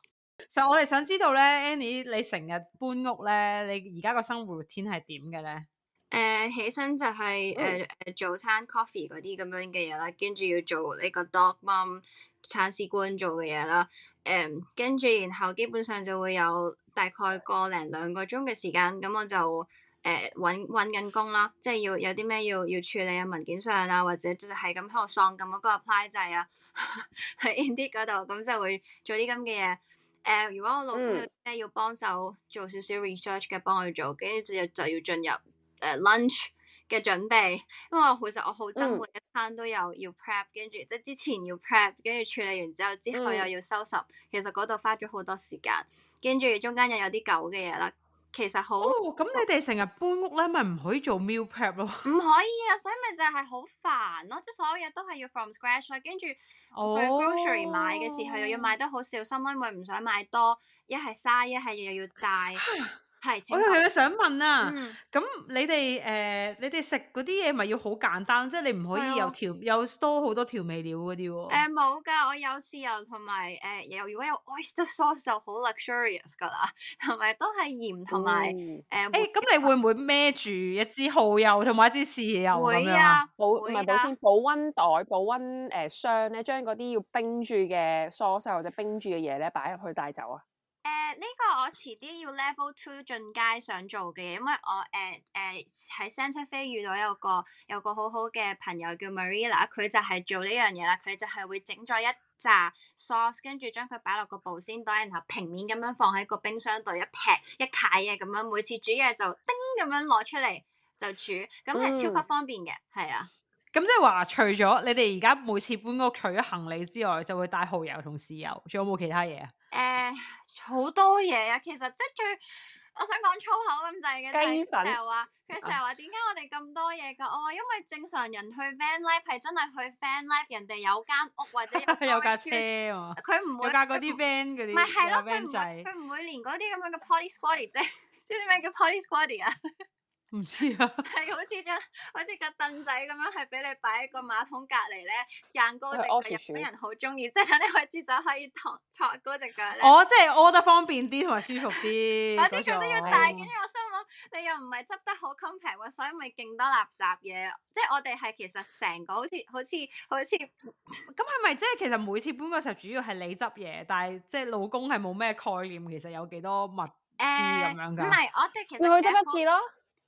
Speaker 3: 所、so, 我哋想知道咧，Annie，你成日搬屋咧，你而家個生活天係點嘅咧？誒、uh,
Speaker 2: 就是，起身就係誒誒早餐 coffee 嗰啲咁樣嘅嘢啦，跟住要做呢個 dog mom 鏟屎官做嘅嘢啦。誒、uh，跟住然後基本上就會有大概個零兩個鐘嘅時，時間，咁我就誒搵搵緊工啦，即係要有啲咩要要處理啊文件上啊，或者係咁喺度喪咁嗰個 apply 掣啊，喺 Indeed 嗰度，咁就會做啲咁嘅嘢。誒、呃，如果我老公有啲咩要幫手、嗯、做少少 research 嘅，幫佢做，跟住就要進入誒、呃、lunch 嘅準備，因為我其實我好憎每、嗯、一餐都有要 prep，跟住即係之前要 prep，跟住處理完之後之後又要收拾，嗯、其實嗰度花咗好多時間，跟住中間又有啲久嘅嘢啦。其實好，
Speaker 3: 咁、哦、你哋成日搬屋咧，咪唔可以做 meal prep 咯？唔
Speaker 2: 可以啊，所以咪就係好煩咯，即、就、係、是、所有嘢都係要 from scratch 啦。跟住去、哦、grocery 買嘅時候，又要買得好小心，因為唔想買多，一係嘥，一係又要帶。 *laughs* 我係，我係、哎、
Speaker 3: 想問啊，咁、嗯嗯、你哋誒、呃，你哋食嗰啲嘢咪要好簡單，即、就、係、是、你唔可以有調、啊、有多好多調味料嗰啲喎。
Speaker 2: 冇㗎、呃，我有豉油同埋誒，有、呃、如果有 oyster sauce 就好 luxurious 㗎啦，同埋都係鹽同埋
Speaker 3: 誒。誒、嗯，咁你會唔會孭住一支蠔油同埋一支豉油
Speaker 2: 咁樣啊？樣
Speaker 1: 保唔係的保鮮保溫袋、保溫誒箱咧，將嗰啲要冰住嘅 sauce 或者冰住嘅嘢咧，擺入去帶走啊？誒，
Speaker 2: 呢、uh, 個我遲啲要 level two 進階想做嘅，因為我誒誒喺 Central 飛遇到有個有個好好嘅朋友叫 Marina，佢就係做呢樣嘢啦，佢就係會整咗一紮 sauce，跟住將佢擺落個保鮮袋，然後平面咁樣放喺個冰箱度一劈一解嘅咁樣，每次煮嘢就叮咁樣攞出嚟就煮，咁係超不方便嘅，係、mm. 啊。
Speaker 3: 咁即係話，除咗你哋而家每次搬屋除咗行李之外，就會帶蠔油同豉油，仲有冇其他嘢
Speaker 2: 啊？誒、呃，好多嘢啊！其實即係最，我想講粗口咁滯嘅，佢成日話，佢成日話點解我哋咁多嘢噶、啊？我、哦、話因為正常人去 van life 係真係去 van life，人哋有間屋或者有， *laughs* 有架車啊！佢唔會，佢嗰啲 van 嗰啲，唔係，佢唔會連嗰啲咁樣嘅 potty squad 啫。i e 啫，咩叫 potty s *laughs* q *laughs* u *laughs* a *laughs* ddie 啊？唔知啊，係好似張好似個凳仔咁樣，係俾你擺喺個馬桶隔籬咧，撐高隻腳，係日本人好中意，即係呢位豬仔可以同撐高隻腳咧。哦，即係屙
Speaker 3: 得方便啲同埋舒服啲。我啲腳都要大住、哦、我
Speaker 2: 心諗你又唔係執得好 compact 喎，所以咪勁多垃圾嘢。即係我哋係其實成個好似好似好似咁係咪？係係即係其實每
Speaker 3: 次搬嘅時候，主要係你執嘢，但係即係老公係冇咩概念，其實有幾多物資咁樣㗎？唔係、嗯、我
Speaker 2: 即係其實你會執一次咯。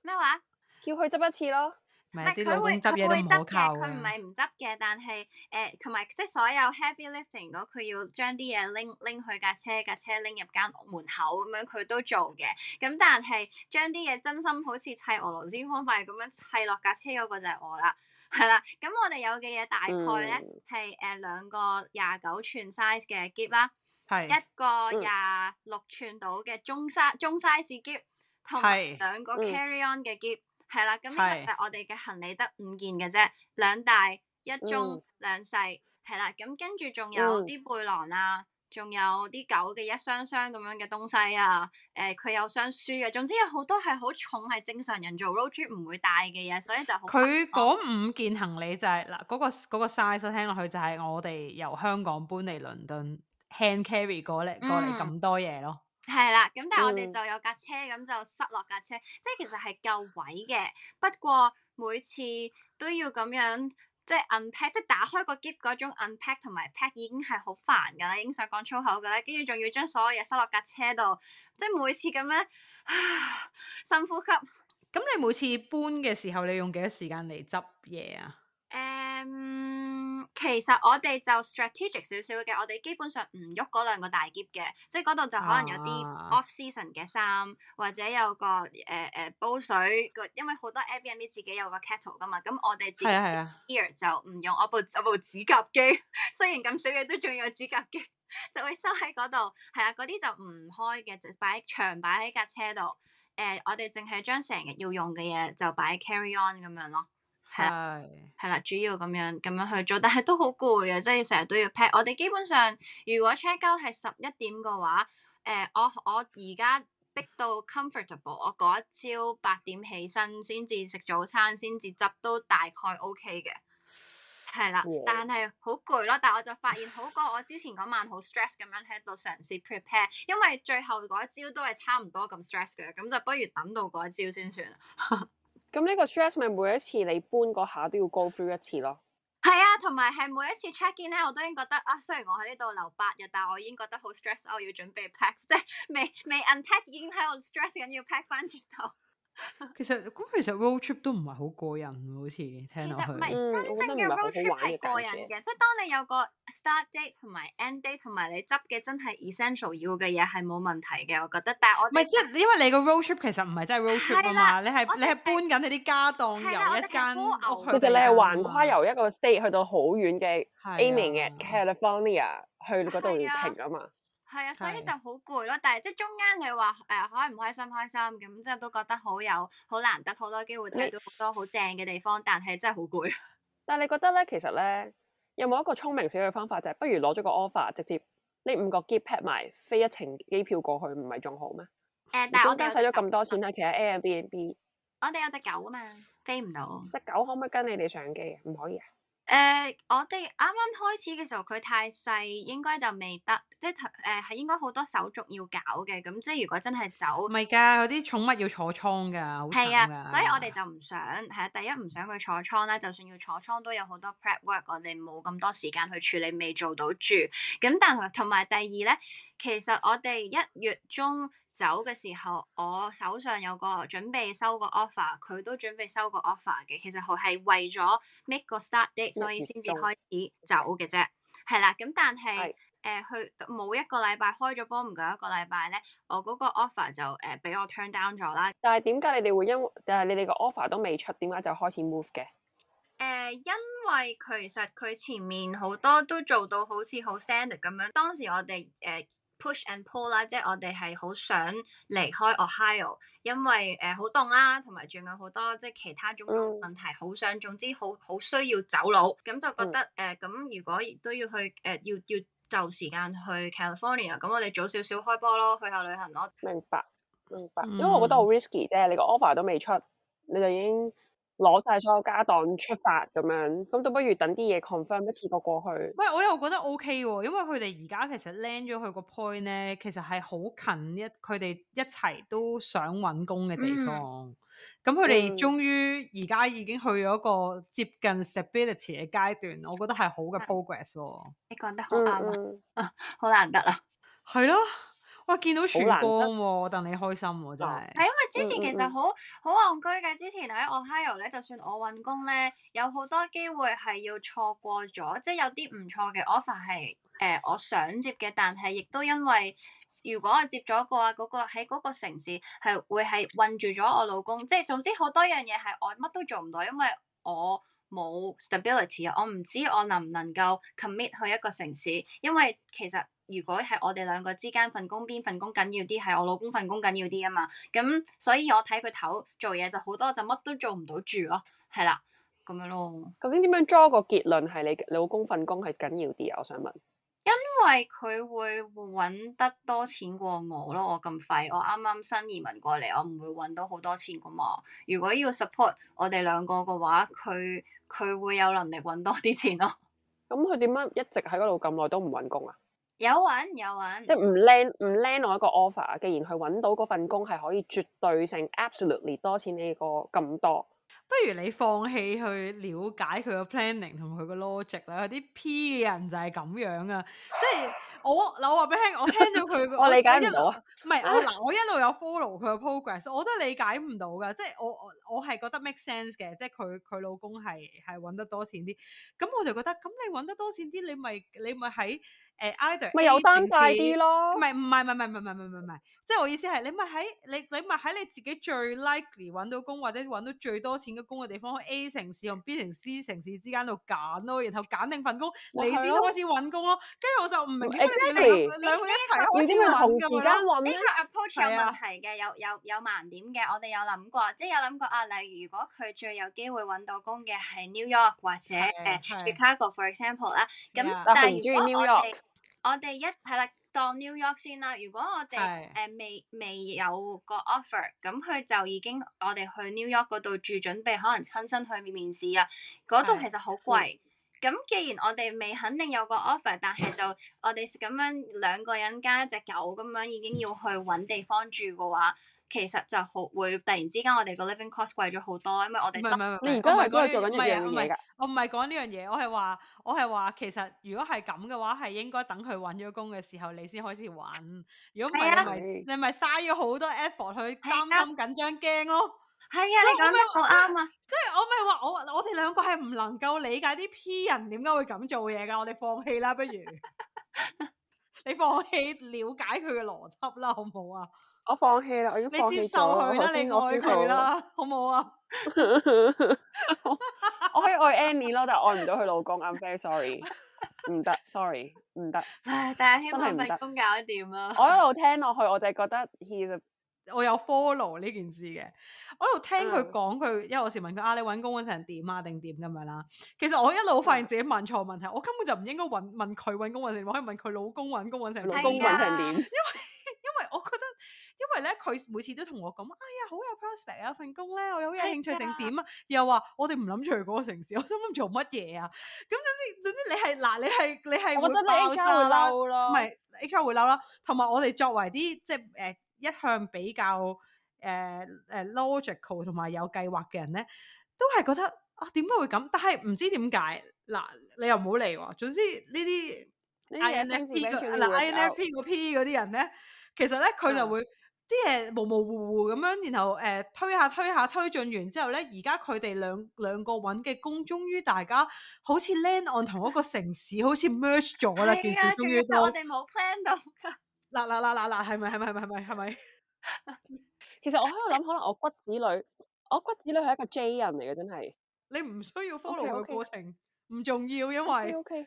Speaker 2: 咩話？
Speaker 3: 叫佢執一次咯，唔係佢會執佢唔執嘅，佢唔係唔
Speaker 2: 執嘅，但係誒同埋即係所有 heavy lifting，如果佢要將啲嘢拎拎去架車，架車拎入間屋門口咁樣，佢都做嘅。咁但係將啲嘢真心好似砌俄羅斯方塊咁樣砌落架車嗰個就係我啦，係啦。咁我哋有嘅嘢大概咧係誒兩個廿九寸 size 嘅篋啦，是一個廿六寸度嘅中、嗯、中 size 中 size 嘅同兩個 carry-on 嘅喼是，係啦，咁呢個就我哋嘅行李得五件嘅啫，兩大一中、嗯、兩細，係啦，咁跟住仲有啲背囊啊，仲有啲狗嘅一箱箱咁樣嘅東西啊，誒、呃，佢有箱書嘅、啊，總之有好多係好重，係正常人做 road trip 唔會帶嘅嘢，所以就好。佢嗰五件行李
Speaker 3: 就係嗱嗰個嗰、嗰個 size 聽落去就係我哋由香港搬嚟倫敦 hand carry 過嚟、嗯、過嚟咁多嘢咯。
Speaker 2: 係啦，咁但係我哋就有架車，咁就塞落架車，即係其實係夠位嘅。不過每次都要咁樣，即係 unpack，即係打開個箧嗰種 unpack 同埋 pack, pack 已經係好煩噶啦，已經想講粗口噶啦，跟住仲要將所有嘢塞落架車度，即係每次咁樣啊，深呼吸。
Speaker 3: 咁你每次搬嘅時候，你用幾多時間嚟執嘢
Speaker 2: 啊？誒。Um, 其實我哋就 strategic 少少嘅，我哋基本上唔喐嗰兩個大喼嘅，即係嗰度就可能有啲 off-season 嘅衫，或者有個誒誒、呃、煲水，因為好多 Airbnb 自己有個 kettle 噶嘛，咁我哋自己 ear、啊啊、就唔用我部我部指甲機，雖然咁少嘢都仲有指甲機，就會收喺嗰度。係啊，嗰啲就唔開嘅，就擺長擺喺架車度。誒、呃，我哋淨係將成日要用嘅嘢就擺 carry on 咁樣咯。係，係啦，主要咁樣咁樣去做，但係都好攰啊！即係成日都要 pack。我哋基本上，如果 check out 係十一點嘅話，誒、呃，我我而家逼到 comfortable，我嗰一朝八點起身先至食早餐，先至執都大概 OK 嘅。係啦哇、啊，但係好攰咯。但係我就發現好過我之前嗰晚好 stress 咁樣喺度嘗試 prepare，因為最後嗰一朝都係差唔多咁 stress 嘅，咁就不如等到嗰一朝先算。呵呵
Speaker 1: 咁呢個 stress 咪每一次你搬嗰下都要 go through 一次咯。
Speaker 2: 係啊，同埋係每一次 check-in 咧，我都已經覺得啊，雖然我喺呢度留八日，但係我已經覺得好 stress，我要準備 pack，即係未未 unpack 已經喺度 stress 緊，要 pack 返轉頭。
Speaker 3: 其實咁，其實 road trip 都唔係好過癮，好似聽落去。其實唔係真正嘅 road trip 係過癮嘅，
Speaker 2: 即係當你有個 start date 同埋 end date，同埋你執嘅真係 essential 要嘅嘢係冇問題嘅，我覺得。但係我唔係即係，因為你個 road trip 其實唔係真係 road trip 啊嘛，你係你係搬緊你啲家當，有一間其實你係橫
Speaker 3: 跨由一個 state
Speaker 1: 去到好遠嘅 Aimian California 去嗰度停啊嘛。
Speaker 2: 係啊，所以就好攰咯。但係即係中間你話誒、呃、開唔開心開心咁，即係都覺得好有好難得好多機會睇到好多好正嘅地方，但係真係好
Speaker 1: 攰。但係你覺得咧，其實咧有冇一個聰明少少嘅方法，就係、是、不如攞咗個 offer 直接呢五個 keep pack 埋飛一程機票過去，唔係仲好咩？誒、呃，但而家使咗咁多錢咧，其實 Airbnb
Speaker 2: 我哋有隻狗啊嘛，
Speaker 1: 飛唔到。隻狗，狗可唔可以跟你哋上機？唔可以。
Speaker 2: 誒、呃，我哋啱啱開始嘅時候，佢太細，應該就未得，即係誒，係、呃、應該好多手續要搞嘅，咁即係如果真係走，
Speaker 3: 唔係噶，嗰啲寵物要坐倉噶，係啊，所以
Speaker 2: 我哋就唔想係啊，第一唔想佢坐倉啦，就算要坐倉，都有好多 prep work，我哋冇咁多時間去處理，未做到住。咁但係同埋第二咧，其實我哋一月中。走嘅時候，我手上有個準備收個 offer，佢都準備收個 offer 嘅。其實佢係為咗 make 個 start date，所以先至開始走嘅啫。係啦、嗯，咁但係誒，佢冇是的、呃、一個禮拜開咗波，唔夠一個禮拜咧，我嗰個 offer 就誒俾、呃、我 turn down 咗啦。
Speaker 1: 但係點解你哋會因？但係你哋個 offer 都未出，點解就開始 move 嘅？
Speaker 2: 誒、呃，因為其實佢前面好多都做到好似好 standard 咁樣，當時我哋誒。呃 Push and pull 啦，即係我哋係好想離開 Ohio，因為誒好凍啦，同埋仲有好多即係其他種種問題，好、mm. 想總之好好需要走佬，咁、mm. 就覺得誒咁、呃、如果都要去誒、呃、要要就時間去 California，咁我哋早少少開波咯，去下旅行咯。我明白明白，
Speaker 3: 明白
Speaker 1: mm. 因為我覺得好 risky 啫，你個 offer 都未出，你就已經。攞晒所有家當出發咁樣，咁都不如等啲嘢 confirm 一次過過去。
Speaker 3: 唔，我又覺得 OK 喎，因為佢哋而家其實 land 咗佢個 point 咧，其實係好近一佢哋一齊都想搵工嘅地方。
Speaker 2: 咁佢哋
Speaker 3: 終於而家已經去咗一個接近 stability 嘅階段，我覺得係好嘅 progress、啊。你
Speaker 2: 講得好啱、啊嗯啊，好難得啊！係咯。哇！見到曙光喎、啊，我
Speaker 3: 戥你開心喎、啊，真係。係因為之前其實好
Speaker 2: 好戇居嘅，之前喺 Ohio 咧，就算我揾工咧，有好多機會係要錯過咗，即係有啲唔錯嘅 offer 係誒我想接嘅，但係亦都因為如果我接咗、嘅話，嗰個喺嗰個城市係會係困住咗我老公，即係總之好多樣嘢係我乜都做唔到，因為我冇 stability，我唔知我能唔能夠 commit 去一個城市，因為其實。如果係我哋兩個之間份工，邊份工緊要啲？係我老公份工緊要啲啊嘛！咁所以我睇佢頭做嘢，就好多，就乜都做唔到住咯，係啦，
Speaker 1: 咁樣咯。究竟點樣 draw 個結論？係你老公份工係緊要啲啊？我想問。
Speaker 2: 因為佢會搵得多錢過我咯，我咁廢，我啱啱新移民過嚟，我唔會搵到好多錢噶嘛。如果要 support 我哋兩個嘅話，佢佢會有能力搵多啲錢咯。咁佢點樣一直喺嗰度咁耐都唔搵工啊？有揾，有揾，即係唔
Speaker 1: land 唔 land 我一個 offer。既然佢揾到嗰份工係可以絕對性 absolutely 多錢呢個咁多，
Speaker 3: 不如你放棄去了解佢個 planning 同佢個 logic 啦。有啲 P 嘅人就係咁樣啊， *laughs* 即係我嗱我話俾你聽，我聽咗佢 *laughs* 我理解我一，唔係嗱我一路有 follow 佢個 progress，我都理解唔到噶。即係我我我係覺得 make sense 嘅，即係佢佢老公係係揾得多錢啲，咁我就覺得咁你揾得多錢啲，你咪你咪喺。誒，either 咪有單大啲咯，咪唔係唔係唔係唔係唔係唔係唔係，即係我意思係你咪喺你你咪喺你自己最 likely 揾到工或者揾到最多錢嘅工嘅地方，A 城市同 B 城市城市之間度揀咯，然後揀定份工，你先開始揾工咯。跟
Speaker 2: 住我就唔明點解你呢個呢呢個呢個呢個 approach 有問題嘅，有有有盲點嘅。我哋有諗過，即係有諗過啊，例如如果佢最有機會揾到工嘅係 New York 或者誒 Chicago for example 啦，咁但係如果 *noise* 我哋一係啦，當 New York 先啦。如果我哋誒未未有個 offer，咁、嗯、佢就已經我哋去 New York 嗰度住，準備可能親身去面面試啊。嗰度其實好貴。咁的既然我哋未肯定有個 offer，但係就我哋咁樣兩個人加一隻狗咁樣已經要去揾地方住嘅話，其實就好會突然之間，我哋個 living cost 貴咗好多，因為我哋唔係唔係，我而家係做緊一樣嘢嘅。
Speaker 3: 我唔係講呢樣嘢，我係話我係話，其實如果係咁嘅話，係應該等佢搵咗工嘅時候，你先開始搵。如果唔係，啊、你咪嘥咗好多 effort 去擔心緊張驚咯。係啊，嗯、啊，你講得好啱啊！即係我咪話我我哋兩個係唔能夠理解啲 P 人點解會咁做嘢噶，我哋放棄啦，不如 *laughs* 你放棄了解佢嘅邏輯啦，好唔好啊？我放棄啦，
Speaker 1: 我已經放棄咗。你接受佢啦，你愛佢啦，好唔好啊？我可以愛 Annie 咯，但係愛唔到佢老公，I'm very sorry。唔得，sorry，唔得。
Speaker 3: 唉，但係希望份工
Speaker 2: 搞得掂啦。我一路
Speaker 3: 聽落去，我就係覺得，he is，我有 follow 呢件事嘅。我一路聽佢講，佢有陣時問佢啊，你搵工搵成點啊，定點咁樣啦。其實我一路發現自己問錯問題，我根本就唔應該問問佢搵工搵成點，我可以問佢老公搵工搵成點。老公搵成點？因為因為咧，佢每次都同我講，哎呀，好有 prospect 啊，份工咧，我好有興趣定點啊，的又話我哋唔諗住去嗰個城市，我心諗做乜嘢啊？咁總之，總之你係嗱，你係你係會爆炸，唔係 H R 會嬲咯，同埋我哋作為啲即係誒、呃、一向比較誒誒、呃呃、logical 同埋有計劃嘅人咧，都係覺得啊，點、呃、解會咁？但係唔知點解嗱，你又唔好理喎。總之呢啲
Speaker 2: I N F P 嗱 I N F P
Speaker 3: 個 P 嗰啲人咧，其實咧佢就會。Yeah. 啲嘢模模糊糊咁樣，然後誒、呃、推下推下推進完之後咧，而家佢哋兩兩個揾嘅工，終於大家好似 land on 同一個城市， *laughs* 好似 merge 咗啦， *laughs* 件事終於我哋冇 plan 到。嗱嗱嗱嗱嗱，係咪係咪係咪係咪係咪？
Speaker 1: 其實我喺度諗，可能我骨子裡，我骨子裡係一個 J 人嚟嘅，真係。
Speaker 3: 你唔需要 follow 佢個 Okay, okay. 過程，唔重要，因為。O K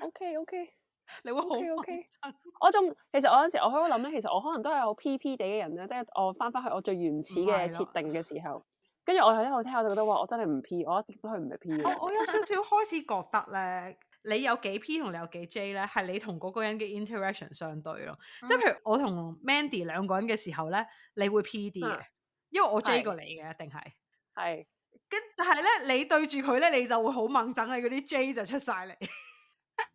Speaker 3: O K O K。你會好 OK？okay.
Speaker 1: *laughs* 我仲其實我有時我喺度諗咧，其實我可能都係好 P P 地嘅人咧，即係 *laughs* 我翻翻去我最原始嘅設定嘅時候，跟住我一路聽我就覺得哇我真係唔 P，我一直
Speaker 3: 都係唔係 P *laughs* 我有少少開始覺得咧，你有幾 P 同你有幾 J 咧，係你同嗰個人嘅 interaction 相對咯。即係、嗯、譬如我同 Mandy 兩個人嘅時候咧，你會 P d 嘅，嗯、因為我 J 過你嘅，是一定係係跟但係咧，你對住佢咧，你就會好猛整嘅，嗰啲 J 就出晒嚟。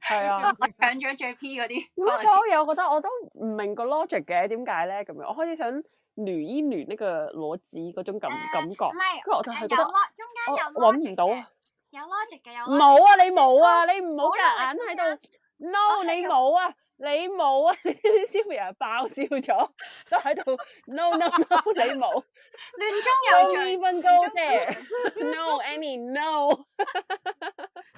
Speaker 2: 係啊，我搶咗 J P 嗰啲，而且我又
Speaker 1: 覺得我都唔明個 logic 嘅，點解咧咁樣？我開始想捋一捋呢個攞紙嗰種感感覺，跟住我就係覺得，
Speaker 2: 我搵
Speaker 1: 唔到，啊。有 logic 嘅
Speaker 2: 有，冇啊你冇啊你唔好夾硬
Speaker 1: 喺度 no 你冇啊。你冇啊！你知唔知消防員爆笑咗，都喺度 no no no， *laughs* 你冇亂中有 even go there，no Annie no，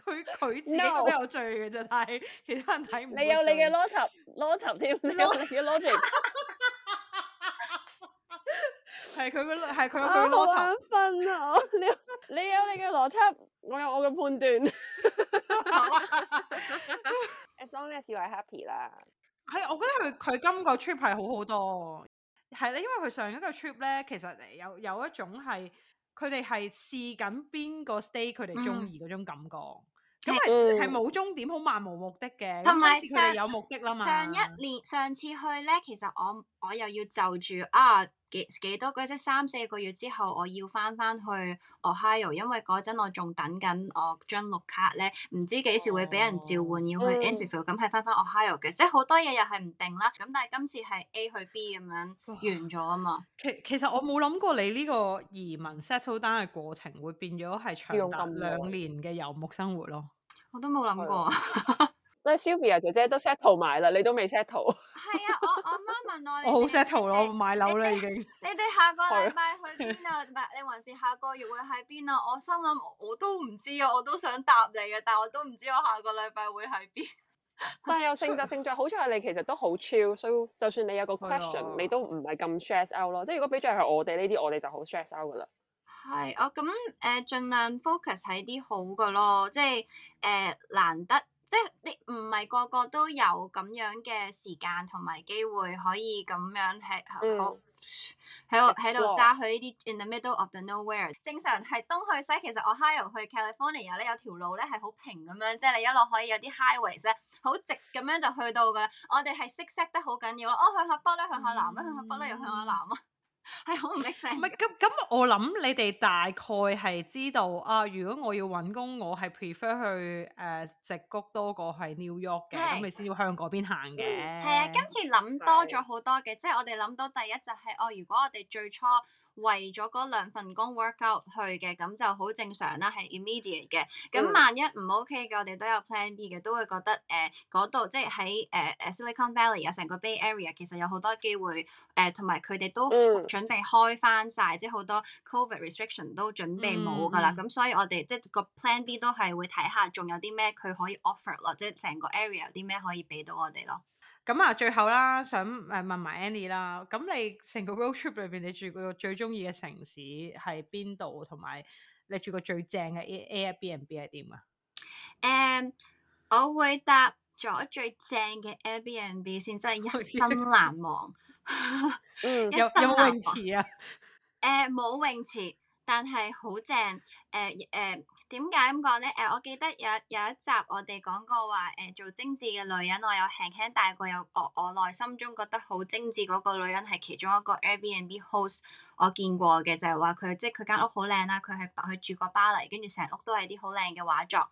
Speaker 3: 佢佢自己覺得 No. 有罪嘅就但係其他人睇唔到。你有你嘅
Speaker 1: 邏輯邏輯添，你有
Speaker 3: 你嘅 logic。 *laughs* 係佢個係佢個佢嘅
Speaker 1: 邏輯，你有你嘅邏輯，
Speaker 3: 我有我嘅判斷。
Speaker 1: *laughs* *laughs* As long as you are
Speaker 3: happy 啦。係，我覺得佢佢今個 trip 係好好多，係咧，因為佢上一個 trip 咧，其實有有一種係佢哋係試緊邊個 stay 佢哋中意嗰種感覺，咁係係冇終點，好漫無目的嘅。同埋有，佢哋有目的啦嘛。上一
Speaker 2: 年上次去咧，其實我。我又要就住啊幾幾多個？即係三四個月之後，我要翻翻去 Ohio，因為嗰陣我仲等緊我張綠卡咧，唔知幾時會俾人召喚要去 interview，咁係翻翻 Ohio 嘅，即係好多嘢又係唔定啦。咁但係今次係 A 去 B 咁樣哇完咗啊嘛。
Speaker 3: 其其實我冇諗過你呢個移民 settle down 嘅過程會變咗係長達兩年嘅遊牧生活咯。
Speaker 1: 我都冇諗過。 *laughs* 即係 Sylvia 姐姐都 settle 埋啦，你都未 settle。係啊，我
Speaker 2: 我媽問我，我好
Speaker 1: settle 咯，買樓啦已經。
Speaker 2: 你哋們下個禮拜去邊啊？ *laughs* 你還是下個月會喺邊啊？我心諗我都唔知啊，我都想答你啊，但係我都唔知我下個禮拜會喺邊。 *laughs* 但係有
Speaker 1: 性格性在好彩你其實都好 chill。所以就算你有個 question，啊、你都唔係咁 stress out, st out、啊呃、咯。即係如果比著係我哋呢啲，我哋就好 stress out 噶啦。
Speaker 2: 係哦，咁誒，盡量 focus 喺啲好嘅咯，即係誒難得。即係你唔係個個都有咁樣嘅時間同埋機會可以咁樣喺喺喺度喺度揸去呢啲 in the middle of the nowhere。正常係東去西，其實 Ohio 去 California 咧，有條路咧係好平咁樣，即係你一路可以有啲 highways 咧好直咁樣就去到噶。我哋係識識得好緊要咯，哦，向下北咧，向下南咧，向下北咧又向下南啊。係好唔 make sense。唔係咁
Speaker 3: 咁，我諗你哋大概係知道啊。如果我要搵工，我係 prefer 去誒矽、呃、谷多過係 New York 嘅，咁你先要向嗰邊行嘅。係啊、嗯，
Speaker 2: 今次諗多咗好多嘅，的即係我哋諗到第一就係、是、哦，如果我哋最初。為咗嗰兩份工 work out 去嘅，咁就好正常啦，係 immediate 嘅。咁萬一唔 OK 嘅，我哋都有 plan B 嘅，都會覺得誒嗰度即係喺誒、呃、誒 Silicon Valley 啊，成個 Bay Area 其實有好多機會誒，同埋佢哋都準備開翻晒，嗯、即係好多 COVID restriction 都準備冇噶啦。咁、嗯、所以我哋即係個 plan B 都係會睇下仲有啲咩佢可以 offer 咯，即係成個 area 有啲咩可以俾到我哋咯。
Speaker 3: 咁啊，最後啦，想誒問埋 Annie 啦。咁你成個 road trip 裏邊，你住過最中意嘅城市係邊度？同埋你住過最正嘅 Airbnb 係點啊？
Speaker 2: 誒，um, 我會答咗最正嘅 Airbnb 先，真係一生難忘。忘有有，有冇泳池啊？誒，冇泳池。但係好正，誒誒點解咁講呢？誒、呃，我記得有有一集我哋講過話，誒、呃、做精緻嘅女人，我有輕輕帶過，有我我內心中覺得好精緻嗰個女人係其中一個 Airbnb host 我見過嘅，就係話佢即係佢間屋好靚啦，佢係佢住過巴黎，跟住成屋都係啲好靚嘅畫作。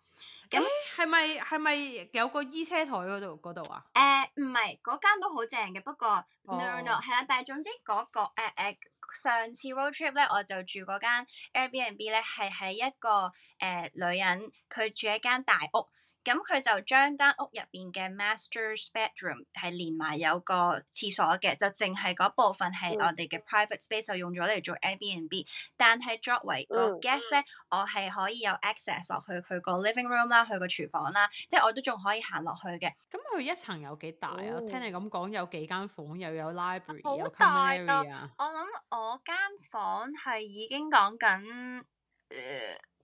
Speaker 2: 咁係咪係咪有個衣車台嗰度度啊？誒唔係，嗰間都好正嘅，不過、哦、no no 係啊，但係總之嗰、那個誒、呃呃上次 road trip 咧，我就住嗰間 Airbnb 咧，係喺一個誒、呃、女人，佢住一間大屋。咁佢就將間屋入邊嘅 master bedroom 係連埋有個廁所嘅，就淨係嗰部分係我哋嘅 private space，就用咗嚟做 Airbnb。但係作為個 guest 咧，我係可以有 access 落去佢個 living room 啦，佢個廚房啦，即係我都仲可以行落去嘅。咁佢一層有幾大啊？Oh, 聽你咁講有幾間房又有 library，好大到、啊、我諗我間房係已經講緊誒。呃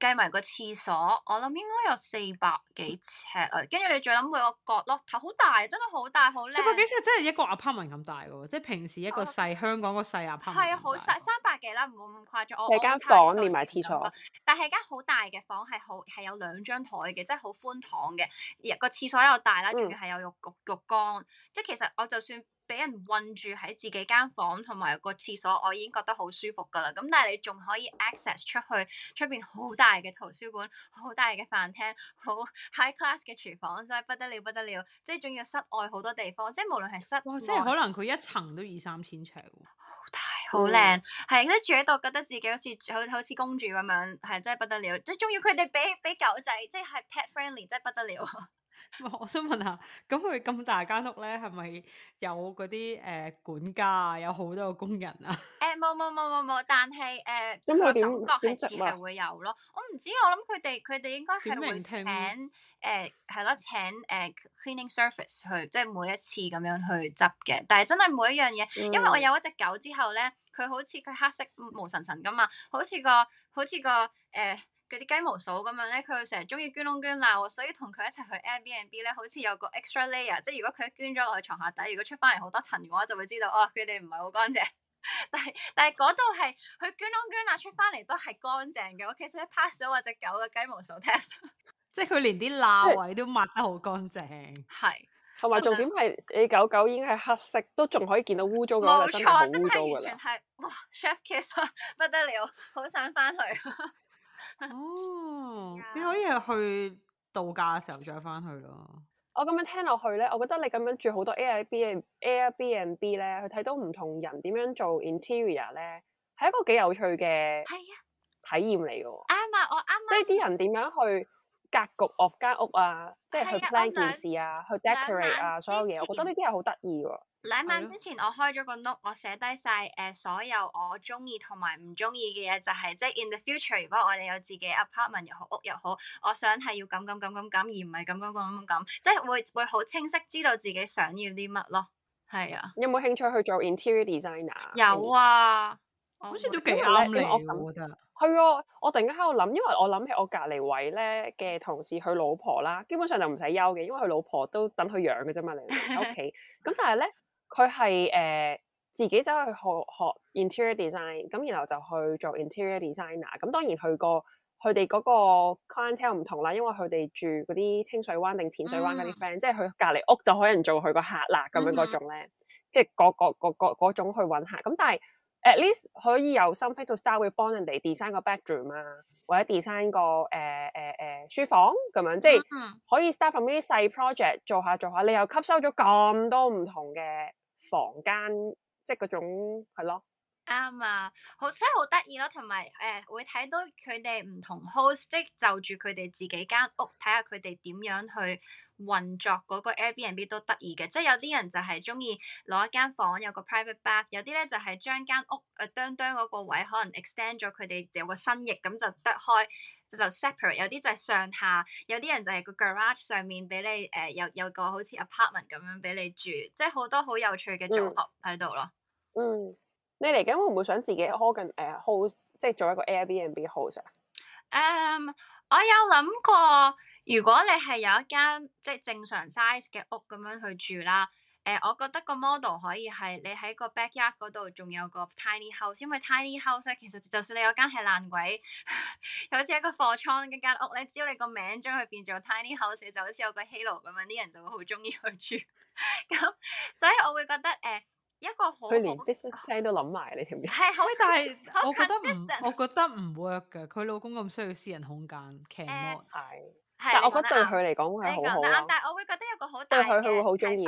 Speaker 2: 計埋個廁所，我諗應該有四百幾尺啊！跟住你再諗佢個角落頭好大，真係好大好靚。四百幾
Speaker 3: 尺真係一個 apartment 咁大嘅喎，即係平時一個細、啊、香港個細 apartment。
Speaker 2: 係好細三百幾啦，唔好咁誇張。我哋間房
Speaker 3: 連埋廁所，
Speaker 2: 但係間好大嘅房係好係有兩張台嘅，即係好寬敞嘅。個廁所又大啦，仲要係有浴、嗯、浴缸。即係其實我就算。俾人韞住喺自己間房同埋個廁所，我已經覺得好舒服噶啦。咁但係你仲可以 access 出去出邊好大嘅圖書館、好大嘅飯廳、好 high class 嘅廚房，真係不得了不得了。即係仲要室外好多地方，即係無論係室外，哇！即係可能
Speaker 3: 佢一層都二三千尺喎，好大好靚，
Speaker 2: 係跟、哦、住喺度覺得自己好似好好似公主咁樣，係真係不得了。即仲要佢哋俾俾狗仔，即係 pet friendly，真係不得了。我想問下，咁佢咁
Speaker 3: 大間屋咧，係咪有嗰啲誒管家啊，有好多嘅工人啊
Speaker 2: 誒、欸，冇冇冇冇冇，但係誒，咁、呃、佢、嗯、感覺係似係會有咯。我唔知，我諗佢哋佢哋應該係會請誒，係咯、呃，請誒、呃、cleaning service 去，即係每一次咁樣去執嘅。但係真係每一樣嘢，嗯、因為我有一隻狗之後咧，佢好似佢黑色毛神神噶嘛，好似個好似個誒。呃佢啲雞毛掃咁樣咧，佢會成日中意捐窿捐罅喎，所以同佢一齊去 Airbnb 咧，B，好似有個 extra layer，即係如果佢捐咗落去床下底，如果出翻嚟好多塵嘅話，就會知道哦佢哋唔係好乾淨。 *laughs* 但係但係嗰度係佢捐窿捐罅出翻嚟都係乾淨嘅，我其實一 pass 咗我隻狗嘅雞毛掃 test，
Speaker 3: *laughs* 即係佢連啲罅位都抹得好乾淨。係是，同埋
Speaker 1: 重點係你狗狗已經係黑色，都仲可以見到污糟嘅，冇錯，真
Speaker 2: 係完全係 chef kiss，不得了，好想翻去。 *laughs*
Speaker 3: 哦，oh, Yeah. 你可以去度假嘅時候再翻去咯。
Speaker 1: 我咁樣聽落去咧，我覺得你咁樣住好多 Airbnb, Airbnb、Airbnb 咧，去睇到唔同人點樣做 interior 咧，係一個幾有趣嘅體驗嚟嘅。啱啊，我啱。即係啲人點樣去格局 of 間屋啊，Yeah. 即係去 plan Yeah. 件事啊，去 decorate 啊，Yeah. 所有嘢，我覺得呢啲係好得意。
Speaker 2: 兩晚之前、嗯、我開咗個 note，我寫低晒誒所有我中意同埋唔中意嘅嘢，就係、是、即係 in the future 如果我哋有自己 apartment 又好屋又好，我想係要咁咁咁咁咁，而唔係咁咁咁咁咁，即係會會好清晰知道自己想要啲乜咯。
Speaker 1: 係啊，有冇興趣去做 interior designer？有啊，嗯、好
Speaker 3: 似都幾啱你。我
Speaker 1: 覺得係啊，我突然間喺度諗，因為我諗起我隔籬位咧嘅同事佢老婆啦，基本上就唔使休嘅，因為佢老婆都等佢養嘅啫嘛，嚟屋企。咁但係咧。佢係誒自己走去學學 interior design，咁然後就去做 interior designer。咁當然去過佢哋嗰個，個 client 又唔同啦，因為佢哋住嗰啲清水灣定淺水灣嗰啲 friend，即係佢隔離屋就可能做佢個客啦咁、嗯、樣嗰種咧，即係各各各各嗰種去揾客。咁但係 at least 可以有 something to start 會幫人哋 design 個 bedroom 啊，或者 design 個誒誒誒書房咁樣，嗯、樣，即係可以 start from 呢啲細 project 做下做下，你又吸收咗咁多唔同嘅。房間即係嗰種係咯，
Speaker 2: 啱、嗯、啊，好真係好得意咯，呃、同埋誒會睇到佢哋唔同 host，即係就住佢哋自己間屋，睇下佢哋點樣去運作嗰個 Airbnb 都得意嘅，即係有啲人就係中意攞一間房有個 private bath，有啲咧就係將間屋誒當當嗰個位可能 extend 咗，佢哋有個新翼咁就得開。就 separate，有啲就係上下，有啲人就係個 garage 上面俾你誒、呃，有有個好似 apartment 咁樣俾你住，即係好多好有趣嘅組合喺度咯。嗯，
Speaker 1: 你嚟緊會唔會想自己 hold 緊誒 host 即係做一個 Airbnb host 啊？誒
Speaker 2: ，um, 我有諗過，如果你係有一間即係、就是、正常 size 嘅屋咁樣去住啦。誒、呃，我覺得個 model 可以係你喺個 backyard 嗰度，仲有個 tiny house，因為 tiny house 咧，其實就算你有間係爛鬼，又好似一個貨倉一間屋咧，只要你個名將佢變做 tiny house，就好似有個 halo 咁 *laughs* 樣，啲人就會好中意去住。咁所以我會覺得誒、呃，一個好好
Speaker 3: business plan 都諗埋你條命係
Speaker 2: 好，但係 *laughs* consistent 我覺得
Speaker 3: 唔，我覺得唔 work 噶，佢老公咁需要私人空間，奇怪、呃。但
Speaker 2: 係我覺得對佢嚟
Speaker 3: 講係好好咯，但
Speaker 2: 係我會覺得有一個好大佢，佢會好中意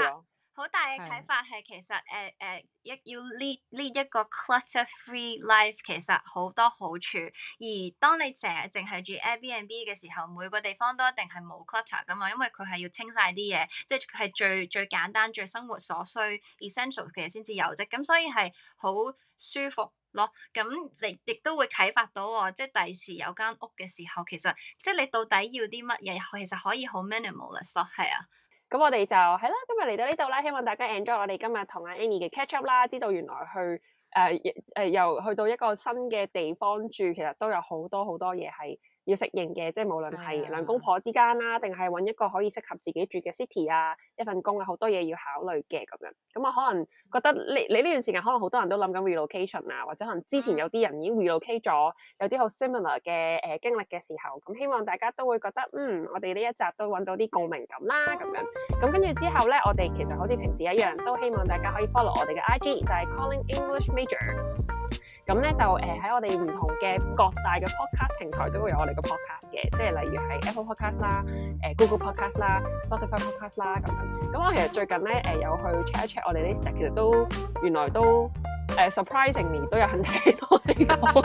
Speaker 2: 好大嘅啟發係其實誒誒，一要 lead lead，一個 clutter free life 其實好多好處，而當你成日淨係住 Airbnb 嘅時候，每個地方都一定係冇 clutter 噶嘛，因為佢係要清晒啲嘢，即係佢係最最簡單最生活所需 essential 其實先至有啫，咁所以係好舒服咯，咁亦亦都會啟發到喎，即係第時有間屋嘅時候，其實即係你到底要啲乜嘢，其實可以好 minimalist 咯，係啊。
Speaker 1: 咁我哋就係啦，今日嚟到呢度啦，希望大家 enjoy 我哋今日同阿 Annie 嘅 catch up 啦，知道原來去誒誒又去到一個新嘅地方住，其實都有好多好多嘢係要適應嘅，即係無論係兩公婆之間啦，定係揾一個可以適合自己住嘅 city 啊，一份工啊，好多嘢要考慮嘅咁樣。咁 *music* 我可能覺得你你呢段時間可能好多人都諗緊 relocation 啊，或者可能之前有啲人已經 relocate 咗，有啲好 similar 嘅誒經歷嘅時候，咁希望大家都會覺得嗯，我哋呢一集都揾到啲共鳴感啦咁樣。咁跟住之後呢，我哋其實好似平時一樣，都希望大家可以 follow 我哋嘅 IG，就係 Calling English Majors。咁咧、嗯、就誒喺我哋唔同嘅各大嘅 podcast 平台都會有我哋嘅 podcast 嘅，即係例如係 Apple Podcast 啦、嗯、誒 Google Podcast 啦、Spotify Podcast 啦咁樣。咁、嗯、我其實最近咧誒有去 check 一 check 我哋 list，其實都原來都誒、呃、surprisingly 都有肯聽到，我哋好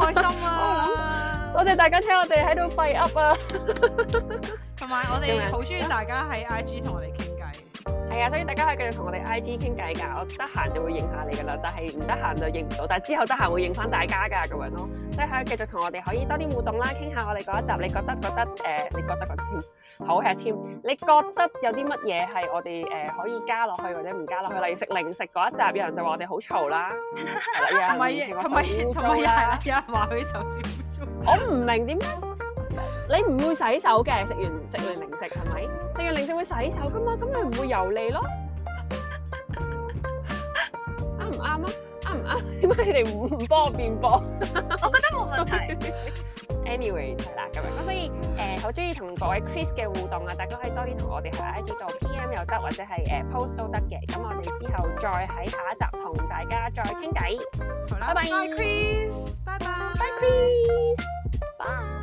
Speaker 1: 開心啊！多謝大家聽我哋喺度廢 up 啊，同
Speaker 3: *laughs* 埋我哋好中意大家喺 IG 同我哋傾。
Speaker 1: 係啊，所以大家可以繼續同我哋 I G 傾偈噶，我得閒就會認下你噶啦，但係唔得閒就認唔到，但係之後得閒會認翻大家噶咁樣咯。所以可以繼續同我哋可以多啲互動啦，傾下我哋嗰一集，你覺得覺得誒、呃，你覺得嗰條、嗯、好吃添？你覺得有啲乜嘢係我哋誒、呃、可以加落去或者唔加落去？例如食零食嗰一集，人嗯、有人就話我哋好嘈啦，係啊，同埋同埋同埋，有
Speaker 3: 人話佢受潮咗，我唔
Speaker 1: 明點解。你唔會洗手嘅，食完食完零食係咪？食完零食會洗手噶嘛？咁咪唔會油膩咯。啱唔啱啊？啱唔啱？點解你哋唔幫我變波？我覺得冇問題。 *laughs* Anyway，係啦咁樣，咁所以誒好中意同各位 Chris 嘅互動啊，大家可以多啲同我哋喺 I G 度 P M 又得，或者係誒、呃、post 都得嘅。咁我哋之後再喺下一集同大家再傾偈。好啦，拜拜 Chris 拜拜 Chris 拜。Chris .